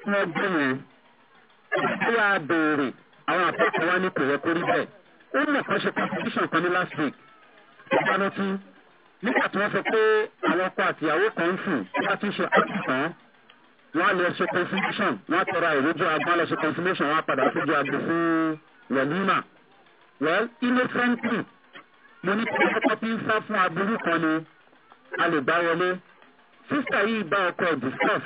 wọ́n gbé yẹn bí a béèrè àwọn àpapọ̀ wa ní kò yẹ kó rí bẹ́ẹ̀ ó mọ̀ kán ṣe competition kan ní last week ìdáná tí nígbà tí wọ́n sọ pé àwọn ọkọ àtìyàwó kan ń fún wọ́n ti ṣe àti tán wọ́n á lọ ṣe confirmation wọ́n á tọrọ àìrójú agbọ́n lọ ṣe confirmation wọ́n á padà síjú agbo fún wẹ̀límà well innocently mo ní kí ọkọ tí ń sá fún aburú kan ni a lè gbá wọlé sísá yìí bá ọkọ discuss.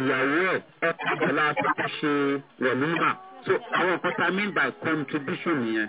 ìyàwó ẹ̀ ọkọ̀ ìgbàlá tó ṣe wọ̀lúmà so àwọn nǹkan tá a mean by contribution yẹn.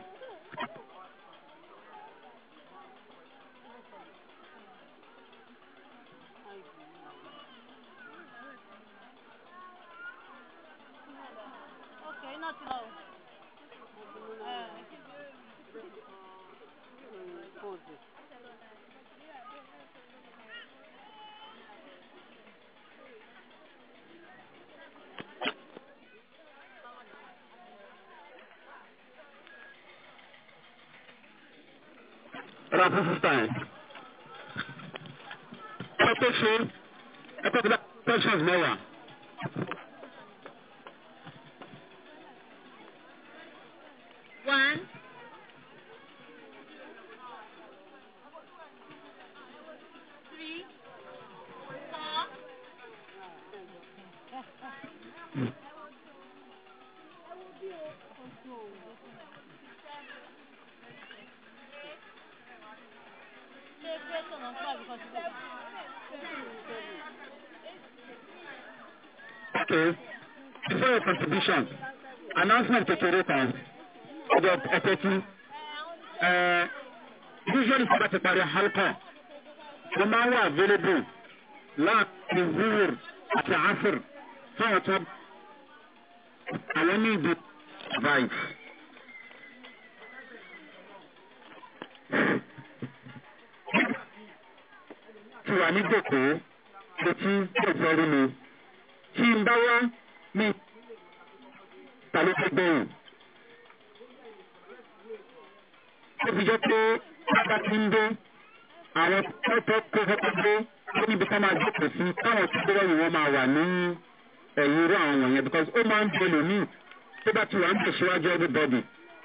television announcement kékeré kan ọjọ ẹtẹtí ẹ usually sábà ti parí halkọ mo máa ń wà available láti zuhur àti asir fáwọn tó àwọn ní ìdí advice. ti wà ní gbòkó mo ti ń tẹ̀sọ́rí mi kí n bá wá mi ta ló fẹ́ gbẹ̀yìn. ó fi jẹ́ pé pápá ti ń dé àwọn tọ́tọ́ tó fẹ́ kó dé ó níbi ká máa jókòó sí táwọn tó dé lẹ́yìn wọn máa wà ní ẹ̀yìn irú àwọn wọ̀nyẹn because ó máa ń jẹ lòmíì tó bá ti wà ń bẹ̀ síwájú everybody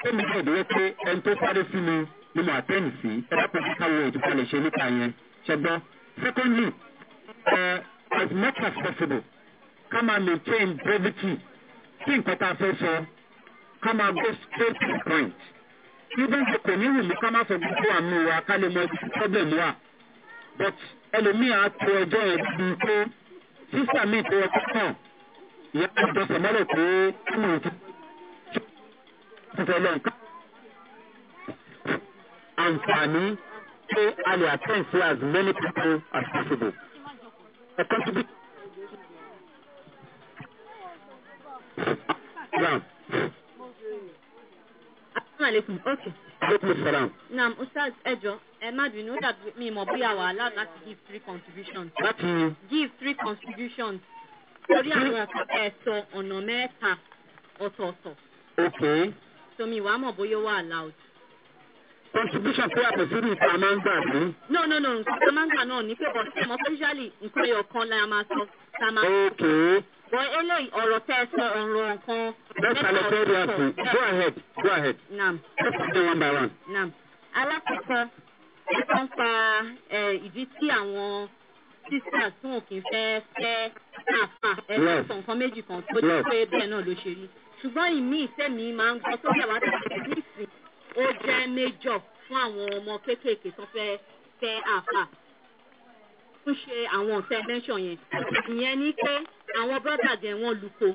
ó mi jẹ́ ìdíwọ́ pé ẹni tó sáré sí mi ni mo àtẹ́ǹ sí ẹ bá pèsè káwọ ètùtù lè ṣe nípa yẹn ṣẹgbọ́n secondly uh, as much as possible ká máa maintain brevity sí nǹkan tá a fẹ́ sọ ká máa go straight to the point even though kò ní wùmí ká má sọ gbogbo àmì wa ká lè mọ ibi tí problem wà but ẹlòmíà tó ẹjọ́ yẹn bí i pé sísà mi tó ẹjọ́ náà ìyá àjọsọ mọ́lẹ̀ pé kí ni òtún ìfẹ̀lẹ̀ àǹfààní pé a lè attend to as many people as possible. A contribution Naam. Assalamu alaikum. Okay. Alaikum salam. Naam, Ustaz Ẹjọ́, ẹ má bínú ó dàbí mi mọ̀ bóyá wà allowed láti give three contributions. Láti. Give three contributions. Torí àwọn ẹ̀sọ́ ọ̀nà mẹ́ta ọ̀tọ̀ọ̀tọ̀. Okay. So mi wàá mọ̀ bóyá wà allowed. Contribution tó yàtọ̀ sí nǹkan a máa ń gbà sí. No no no nǹkan a máa ń gbà náà ní pé bọ̀ sí ọmọ fẹ́ṣálì nǹkan ẹyọ kan la máa sọ. Okay bọ eléyìí ọ̀rọ̀ tẹ́ ẹ sọ ọ̀rọ̀ nǹkan. let's have a third one too go ahead go ahead. naam let's do one by one. naam alákọ̀ọ́kọ́ ẹ̀ka ń pa ìdí tí àwọn sisters tí wọn kì í fẹ́ fẹ́ àfà ẹ̀ka sọ nǹkan méjì kan tó ti pé bẹ́ẹ̀ náà ló ṣe rí ṣùgbọ́n ìmí ìsẹ́mi máa ń gbọ́ sókè wá tẹ̀lé nísìnyí ó jẹ́ méjọ̀ fún àwọn ọmọ kéékèèké tó fẹ́ fẹ́ àfà tún ṣe àwọn ọ̀tẹ́ mẹ́ṣọ̀ yẹn ìyẹn ni pé àwọn brọ́dà jẹ́ wọn luko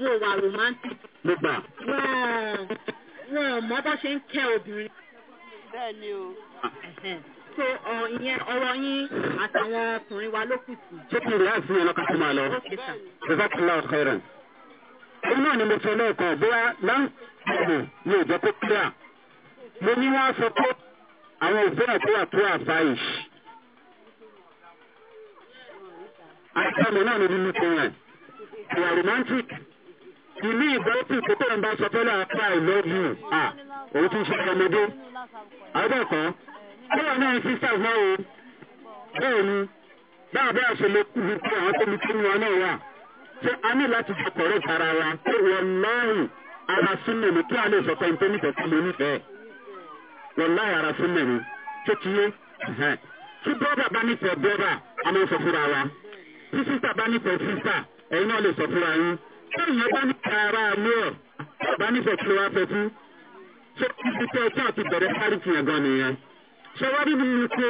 wọn ò wà romantic. nígbà. wọn ò mọ bó ṣe ń kẹ́ obìnrin. bẹ́ẹ̀ o. so ìyẹn ọ̀rọ̀ yín àtàwọn ọkùnrin wa ló kù sí. ṣé kí n rí àìsàn yẹn lọ́kàn tó máa lọ. ṣèṣà kò lọ ọ̀kẹ́ rẹ̀. òun náà ni mo sọ lẹ́ẹ̀kan bóyá láǹkì mi ò jẹ́ kó clear. mo ní wọ́n á sọ pé àwọn òfin àti àtúwà fáìsì. àìsàn náà ní nínú ti wọn they are romantic ìlú ìgbọ́tì kókó ń bá sọ fẹ́lẹ́ àpá i love you ah òun ti ń ṣe ọmọdé àbẹ̀kọ́ báwa náà sisters náà o bẹ́ẹ̀ ni báwa bá ṣe lè kú ju pé àwọn tó ní kíni wọn náà wà ṣé a ní láti jẹ kọ̀rọ̀ tara wa pé wọn láàyè ara súnmọ̀ mi kí a lè sọ pé n tó nífẹ̀ẹ́ sí mi nífẹ̀ẹ́ wọn láàyè ara súnmọ̀ mi tó kí yé tí bọ́dà bá nífẹ̀ẹ́ bọ́dà a máa ń sọ fúnra wa tí sísà bá nífẹ̀ẹ́ sísà ẹ̀yin náà lè sọ fúnra yín lẹ́yìn bá ní ara mìíràn bá nífẹ̀ẹ́ kí ló wá fẹ́ fún so ibi tẹ́ ẹ tí àti bẹ̀rẹ̀ sáríkì yẹn gan nìyẹn ṣé wọ́n rí nínú pé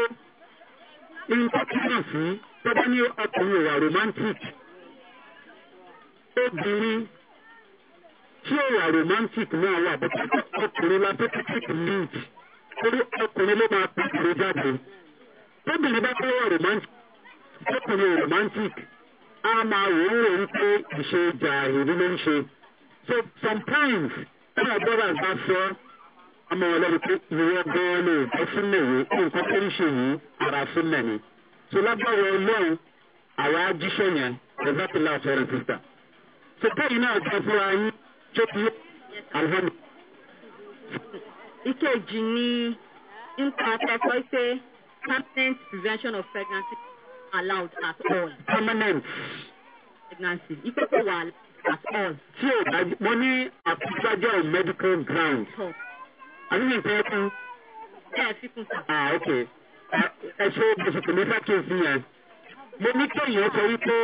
nǹkan túmọ̀ sí tọ́jà ní ọkùnrin ìwà romantic obìnrin tí ìwà romantic náà wà bó tọ́jú ọkùnrin la tó tẹ́tí lead orí ọkùnrin ló máa pàtàkì jáde tóbi ní bá fẹ́ wà romantic ọkùnrin romantic a máa wò ó wòó pé ìṣe jàhìrì ló ń ṣe so sometimes when our brothers bá sọ ọmọ ọlọ́run pé ìwọ gan-an ló bọ́ sínú ìwé kí nǹkan tó ń ṣe yìí ara sínú ẹ̀mí so lágbára ọlọ́run àwọn ajíṣẹ́ yẹn exactly like our parents sister so bẹ́ẹ̀ náà jẹ́ fúnra yín tó ti yẹ alhamdulilayi. ìkejì ni nípa akẹ́kọ̀ọ́ pé permanent prevention of pregnancy allowed at all. permanent. pregnancy ìpèsè wà at all. tí o bá mo ní àpòjájọ́ medical ground. àdúgbò ìpínlẹ̀ kan. ẹ fi kún sá. ah ok ah, ẹ ṣe oṣù tó mẹ́fà tó fi yẹn. mo ní kéèyàn sọ wípé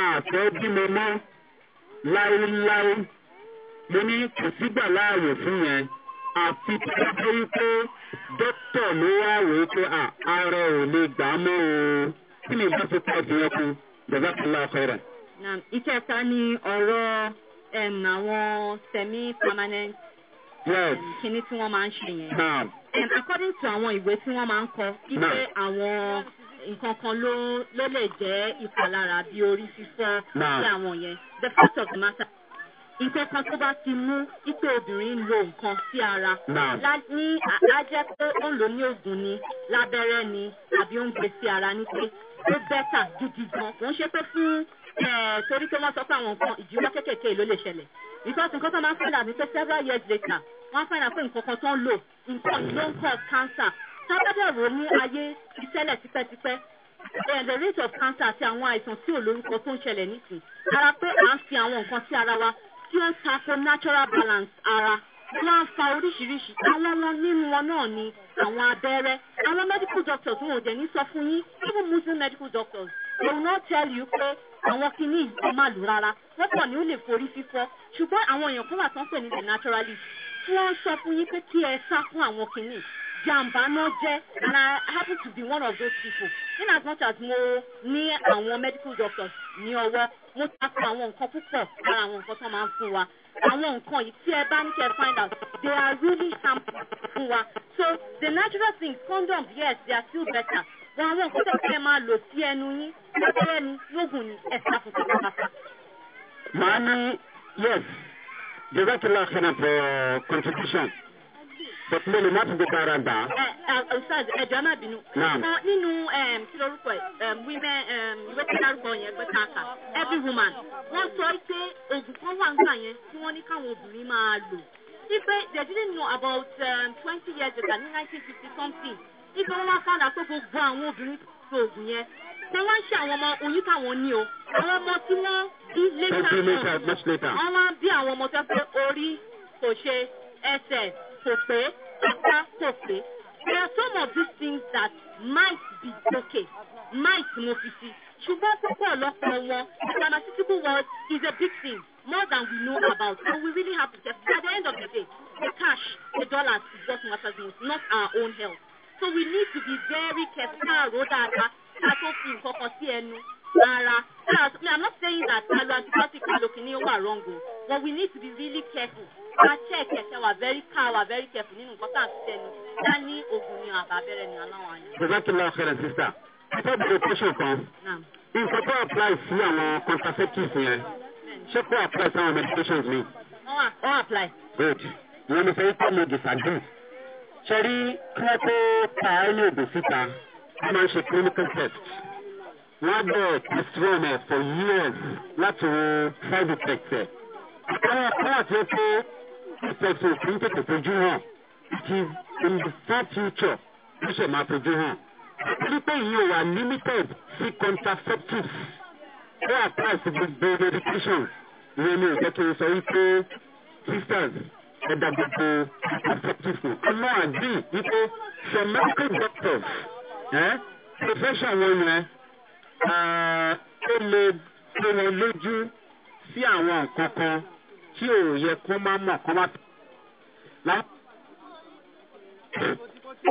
àfẹ́ bímọ mọ́ láéláé mo ní kò sígbà láàyè fún yẹn àti tọ́jú wípé dókítà ló wá wò ó pé ara ò lè gbà á mọ́ o kí ni ìbá ti pa ìdíyẹn kú jọ̀dọ̀kọ̀lá ọ̀kẹ́rẹ̀. ìkẹta ni ọ̀rọ̀ àwọn semi permanent kíní tí wọ́n máa ń ṣe yẹn. according to àwọn ìwé tí wọ́n máa ń kọ wípé àwọn nǹkan kan ló lè jẹ́ ìpalára bí orí fífọ́ sí àwọn yẹn the fact of the matter ìkẹ́kọ̀ọ́ tó bá ti mú ipe obìnrin lo nǹkan sí ara ní ajẹ́ pé ó ń lò ní oògùn ni lábẹ́rẹ́ ni àbí ó ń gbé sí ara ní pé ó bẹ́tà gidi gan wọ́n ṣe pé fún torí pé wọ́n sọ pé àwọn nǹkan ìdíwọ́ kéékèèké ló lè ṣẹlẹ̀ because nǹkan tó máa ń fẹ́ dàbí pé several years later wọ́n á fẹ́ dàbí pé nǹkan kan tó ń lò nǹkan ló ń cause cancer tábẹ́dẹ̀ rò ní ayé ìṣẹ̀lẹ̀ tipẹ́tipẹ́ the rate of cancer àti àwọn àìsàn tí ò lórúkọ tó ń ṣẹlẹ̀ nísìnyí ara pé à ń fi àwọn nǹkan sí ara wa fuel tackle natural balance ara wọ́n á fa oríṣiríṣi alọ́lọ́ nínú wọn náà ni àwọn abẹ́rẹ́ àwọn medical doctors wọn ò dẹ̀ ní sọ fún yín even muslim medical doctors they will not tell you pé àwọn kìíní yìí má lù rárá wọ́n pọ̀ ní ó lè forí fífọ́ ṣùgbọ́n àwọn èèyàn kan wà tán pè ní the naturalist tí wọ́n sọ fún yín pé kí ẹ sá fún àwọn kìíní jàǹbá náà jẹ́ and i happen to be one of those people in as much as mo ní àwọn medical doctors ní ọwọ́ mo tako àwọn nǹkan púpọ̀ lára àwọn nǹkan tó máa ń fún wa àwọn nǹkan yìí tí ẹ bá ní kẹ find out they are really harmful fún wa so the natural thing condoms yes they are still better wọn àwọn nǹkan tó kẹ máa lò sí ẹnu yín lábẹ́rẹ́ ni lóògùn ni ẹ sá fún pátápátá. màá ní yes jẹ́sàkìlá kìnnà for contribution but mo lè má tún gbogbo ara gbà. ọ̀sán ẹ̀jọ̀ má bínú. Eh, nínú tí lórúkọ ẹ̀ women ìwé tí lórúkọ yẹn gbé káàkà every woman wọ́n sọ pé oògùn kan wà nígbà yẹn tí wọ́n ní káwọn obìnrin máa lò. ife they didn't know about twenty years ago ní nineteen fifty something ife wọn wá fáwọn àpò gbogbo àwọn obìnrin tó oògùn yẹn wọ́n wá ń ṣe àwọn ọmọ oyún táwọn ní o àwọn ọmọ tí wọ́n bí later on wọ́n wá bí àwọn ọmọ tó fẹ́ orí kò ṣe ẹsẹ̀ Sope, Ata Sope. There are some of these things that might be okay, might mo fi si. Ṣùgbọ́n púpọ̀ ọ̀lọ́pọ̀ wọn, the pharmaceutical world is a big thing, more than we know about. so we really have to get, at the end of the day, the cash, the dollars is what matters most, not our own health. So we need to be very careful. Káàró dáadáa, ká tó fi nǹkan kan sí ẹnu ara. I'm not saying that alo antibiotics alo kìíní wà wrong o, but we need to be really careful ká check ẹsẹ wà very ká wà very careful nínú nǹkan tá à ń fi sẹnu dá ní oògùn ni àbábẹ́rẹ́ ni aláwọ̀ àyà. ìrẹ́pìlẹ̀ ọ̀kẹ́rẹ́ sísá ẹ̀fẹ́ bèrè question kan nǹkan tó apply sí àwọn contraceptives yẹn ṣé kó apply sí àwọn medications mi. ó apply. good ìyẹn mi fẹ́ kọ́ mi disagree ṣe rí kí wọ́n tó ta ẹ́ ní oògùn síta wọ́n máa ń ṣe clinical test wọ́n bẹ̀ testosterone ẹ̀ for years láti wo side effects ẹ̀. àwọn ọ̀pọ̀ àti ẹ̀kọ́ ìṣẹ̀ṣe kì í tètè fojú hàn ìtì ìfẹ́ future ló ṣẹ̀ máa fojú hàn. pípẹ́ yìí wà limited sí contraceptives ó apply sí gbogbo medication ìyẹn ni ìjẹ́ kí n sọ wípé sisters ẹ̀dá gbogbo contraceptives nù. ọmọ àdì wípé some medical doctors eh, profession wọn yẹn ó lè tó wọn lójú sí àwọn nǹkan kan tí ò yẹ kó má mọ̀ kó má.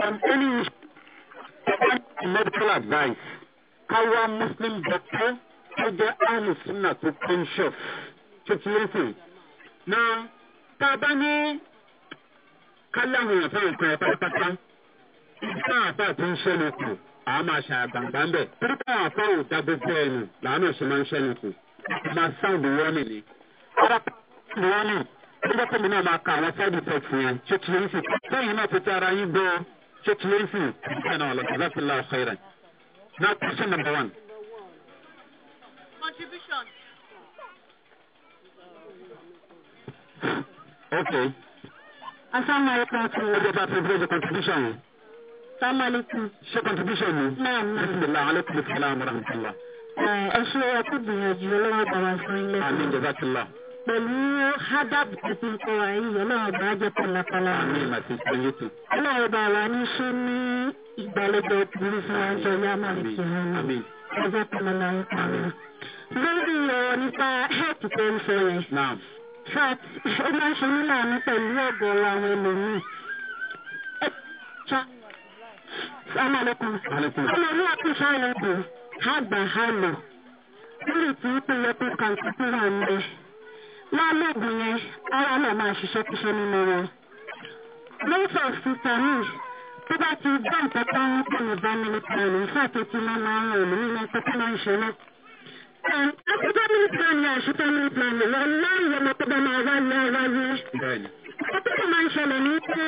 on any medical advice káwá muslim doctor tó jẹ́ àrùn sínú tó conscious tó ti fún un. na tá a bá ní káláwìn ọ̀tọ̀ nǹkan ẹ̀ pátápátá ìgbà àbá tó ń ṣẹlẹ̀ kù a máa ṣe àgbàǹgbà ń bẹ̀. pírípà àpá ò dá gbogbo ẹnu làánà ṣe máa ń ṣẹlẹ̀ kù. máa sound warning ni lónìí nígbà tó mi náà máa ka àwọn side effects yẹn ṣé tí ló ń sìn lẹ́yìn náà ti tẹ ara yín gbọ́ ṣé tí ló ń sìn náà lọ ṣe fi láàṣọ rẹ̀. now question number one. contribution. okay. asalaamualeykum wa rahmatulahi. ọjọ́ bá a contribution yẹn. salaamaleykum. ṣe contribution yẹn. naam naam. bisimilahi aleykum salaam wa rahmatulah. ẹ ṣe ẹ kú gbìyànjú ọlọ́wọ́ bàbá fún ilé. àmì jẹ́sàkìlá pẹ̀lú hadab tuntun kan wà yìí ọlọ́run bá jẹ́ pàlàpàlà. ọlọ́run bá wà ní ṣé ní ìgbàlódé òkúrú fún ọjọ́ yá máa ń kí wọn ọjọ́ pàlàpàlà ń pààrọ̀. lórí ọ̀rọ̀ nípa health tó ń sọ yẹn. fat ó máa ń ṣe nínú àmì pẹ̀lú ọ̀gọ̀ọ̀rọ̀ àwọn ẹlòmíì. sàmàlẹ́kùn ọlọ́run àkúṣe àyẹ̀dùn àgbà hàlọ́ lórí tí yẹ wọ́n lóògùn yẹn ara náà máa ṣiṣẹ́ kíṣẹ́ nínú wọn. lóòótọ́ sísá náà tó bá ti gbọ́ nǹkan tó ń pè ní bámílípìlánì nígbà tó ti máa máa ń rìn mí nínú ẹgbẹ́ tó máa ń ṣe náà. àkókò mílípìlánì àṣì bámílípìlánì lọ lẹ́yìn ọmọ tó bá máa wáyé wáyé. ọkọ̀ tó máa ń ṣẹlẹ̀ ní pé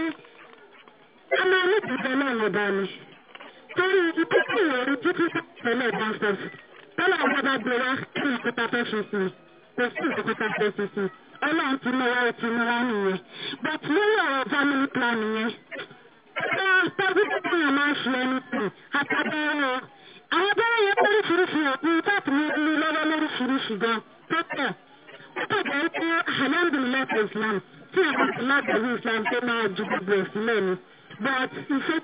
a máa ní ìdíje náà lọ bá mi. torí ikú kìlọ̀ orí títí tẹ̀lé ìbáṣọ tọ́lá ọgbọ́dọ̀ gbé wá kí ìkúta fẹ́ fi sùn pèsè pèsè pèsè ọlọ́run ti mú ọ̀rọ̀ ti mú wá nìyẹn but lórí ọ̀rọ̀ family planning yẹn ṣé pẹ́ẹ́sìtì tí wọ́n máa ń ṣe ẹni pè àtàbẹ̀rẹ̀ o àwọn abẹ́rẹ́ yẹn lóríṣiríṣi òkun táàpù ní ilé lọ́wọ́ lóríṣiríṣi gan tó tẹ̀ ó tẹ̀gbẹ́ pé alhamdulilayi for islam tí àwọn ìlàgbẹ̀rù islam tó máa ju gbogbo ẹ̀sìn náà ni but ìṣe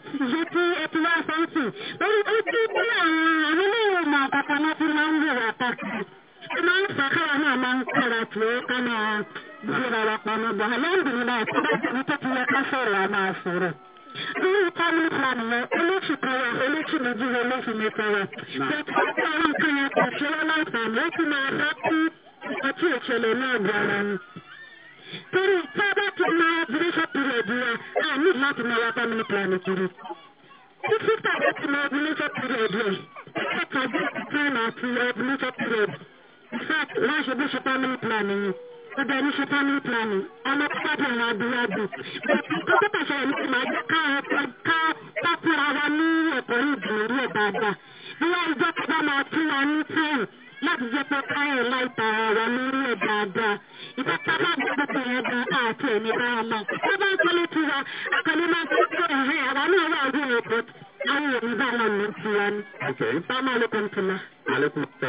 tí ẹ ti wá sọ́ọ̀tì lórí ojú bí àwọn àwọn ilé ìwòmọ̀ àpapọ̀ náà ti máa ń wò wá pàtàkì ó máa ń fà káwa náà máa ń kóra tó ká máa gbéra wa pamọ́ bọ̀ alhamdulilayi tó bá jẹ́ tó ti yẹ ká sọ̀rọ̀ a máa sọ̀rọ̀. Nínú family plan yẹn, olóṣù kan wà, olóṣù méjì wà, olóṣù mẹ́ta wà. Bàtà ọ̀pọ̀ àwọn nǹkan yẹn kò ṣe wọ́n láǹfààní, ó sì máa bá kú àti ìṣẹ̀lẹ̀ náà di ara wọn. Torí tí a bá ti mọ duration period wa, a ní láti mọ wa family plan kiri. Títí tàbí ti mọ duration period yẹn, ó kà bí ti tán àti duration period wọ́n ṣe bí ṣe family planning yìí gbogbo ẹni ṣe family planning ọmọ pípa bí àwọn abúlé àgbò kókó tó ṣẹlẹ̀ níbi máa jẹ́ ká kúra wa ní ẹ̀kọ́ ìdùnnú rí ẹ̀ dáadáa bí wọ́n jẹ́ kí wọ́n máa tún wa ní time láti jẹ́ pé káyọ̀ láì tara wa lórí ẹ̀ dáadáa ìfẹ́pá máa gbé gbogbo yẹn gan àti ẹ̀mí bára mọ́ ó bá ń kọ́lé tiwa akọ́lé máa ń kọ́lé ẹ̀hẹ́ àwa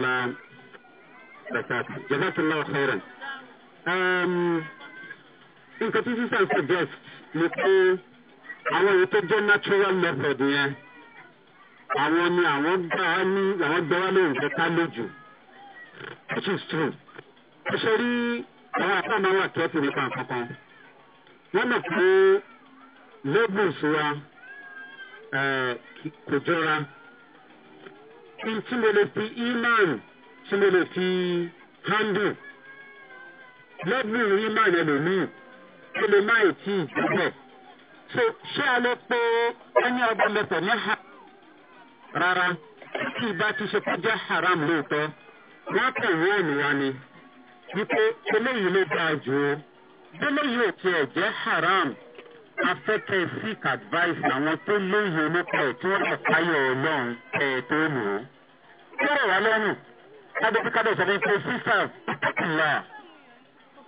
náà wà jazakallah khairan. Um, nǹkan tí sísan suggest ni pé àwọn èyí tó jẹ́ natural method yẹn àwọn ni àwọn gbà á ní àwọn gbà wá lóhùn kẹta lójú which is true. ó ṣe rí àwọn àtàwọn wà kẹ́ẹ̀tì nípa àkọ́kọ́ wọ́n mọ̀ pé labels wa eh, kò jọra. ntí mo lè fi imáàlì tí mo lè fi handle lọ́bìnrin yìí máa yẹn lòmíì tó lè má ètí ìjọbẹ̀. so ṣé a lè pe ẹni ọba mẹ́tẹ̀ ní ha rárá tí ìbá ti ṣe kó jẹ́ haram lóòótọ́ wọ́n kàn wọ́n ènìyàn ni wípé eléyìí ló dáa jù ú eléyìí ò tiẹ̀ jẹ́ haram afẹ́kẹ́ seek advice àwọn tó lóye nípa ẹ̀ tí wọ́n lè káyọ̀ ọlọ́run ẹ̀ tó lò ó. kúrò wá lọ́rùn kábẹ́sí kábẹ́sí ọ̀bí pé sísan pàtàkìlá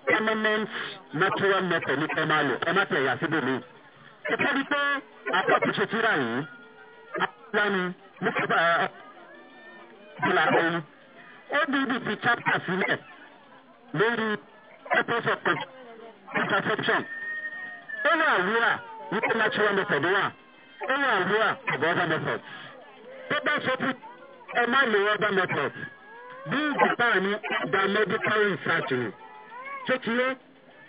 permanent natural method ní ẹ máa lò ẹ má tẹ̀ ẹ̀yà síbòmí. ìtọ́ bí pé àpapọ̀ ṣe tíra yìí láni mùsùlùmí ọ̀la ọ̀hún ó bí ibi ti chapter sílẹ̀ lórí purpose of contraception ó ní àwúrà wípé natural method wà ó ní àwúrà of other methods tó bá ṣe tí ẹ má lo other methods. this the time that medical research ni ṣé kí yẹ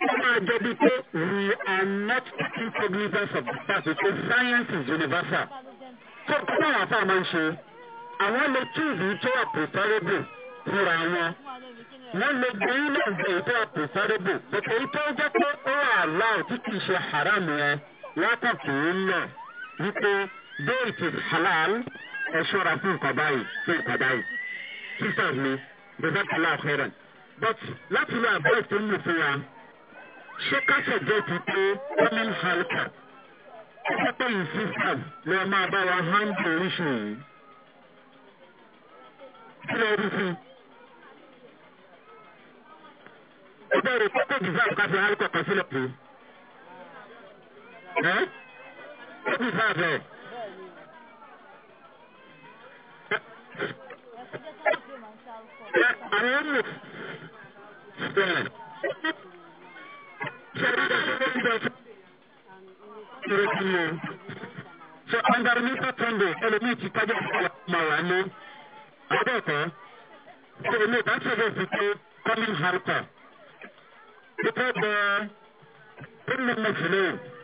ó máa jẹ́ we are not the cognizance of the fact that science is universal so kí àwọn afáà máa ń àwọn lè choose tó wà preferable fúnra wọn wọ́n lè gbé ilé ìgbé tó wà preferable pẹ̀lú tó jẹ́ pé ó wà láò tí ṣe haram yẹn lákàtí ń lọ wípé it halal ẹ ṣọ́ra fún nǹkan báyìí sisters mi joseph alaafeeran but láti ní advice tó ń lò fún wa ṣé káṣẹ̀ jẹ́ ti pé women halka ó jẹ́ pé yìí sisters ni wọ́n máa bá wa handle oríṣi yìí kí ló rí sí i. ó bẹ̀rẹ̀ kókó joseph káṣẹ̀ halka kan sílẹ̀ pé ẹ́ ó joseph ẹ̀. So underneath that Sunday, enemy to target Marano. Adoko. So no, that's a very good coming harper. Because the, the, the, the, the, the, the,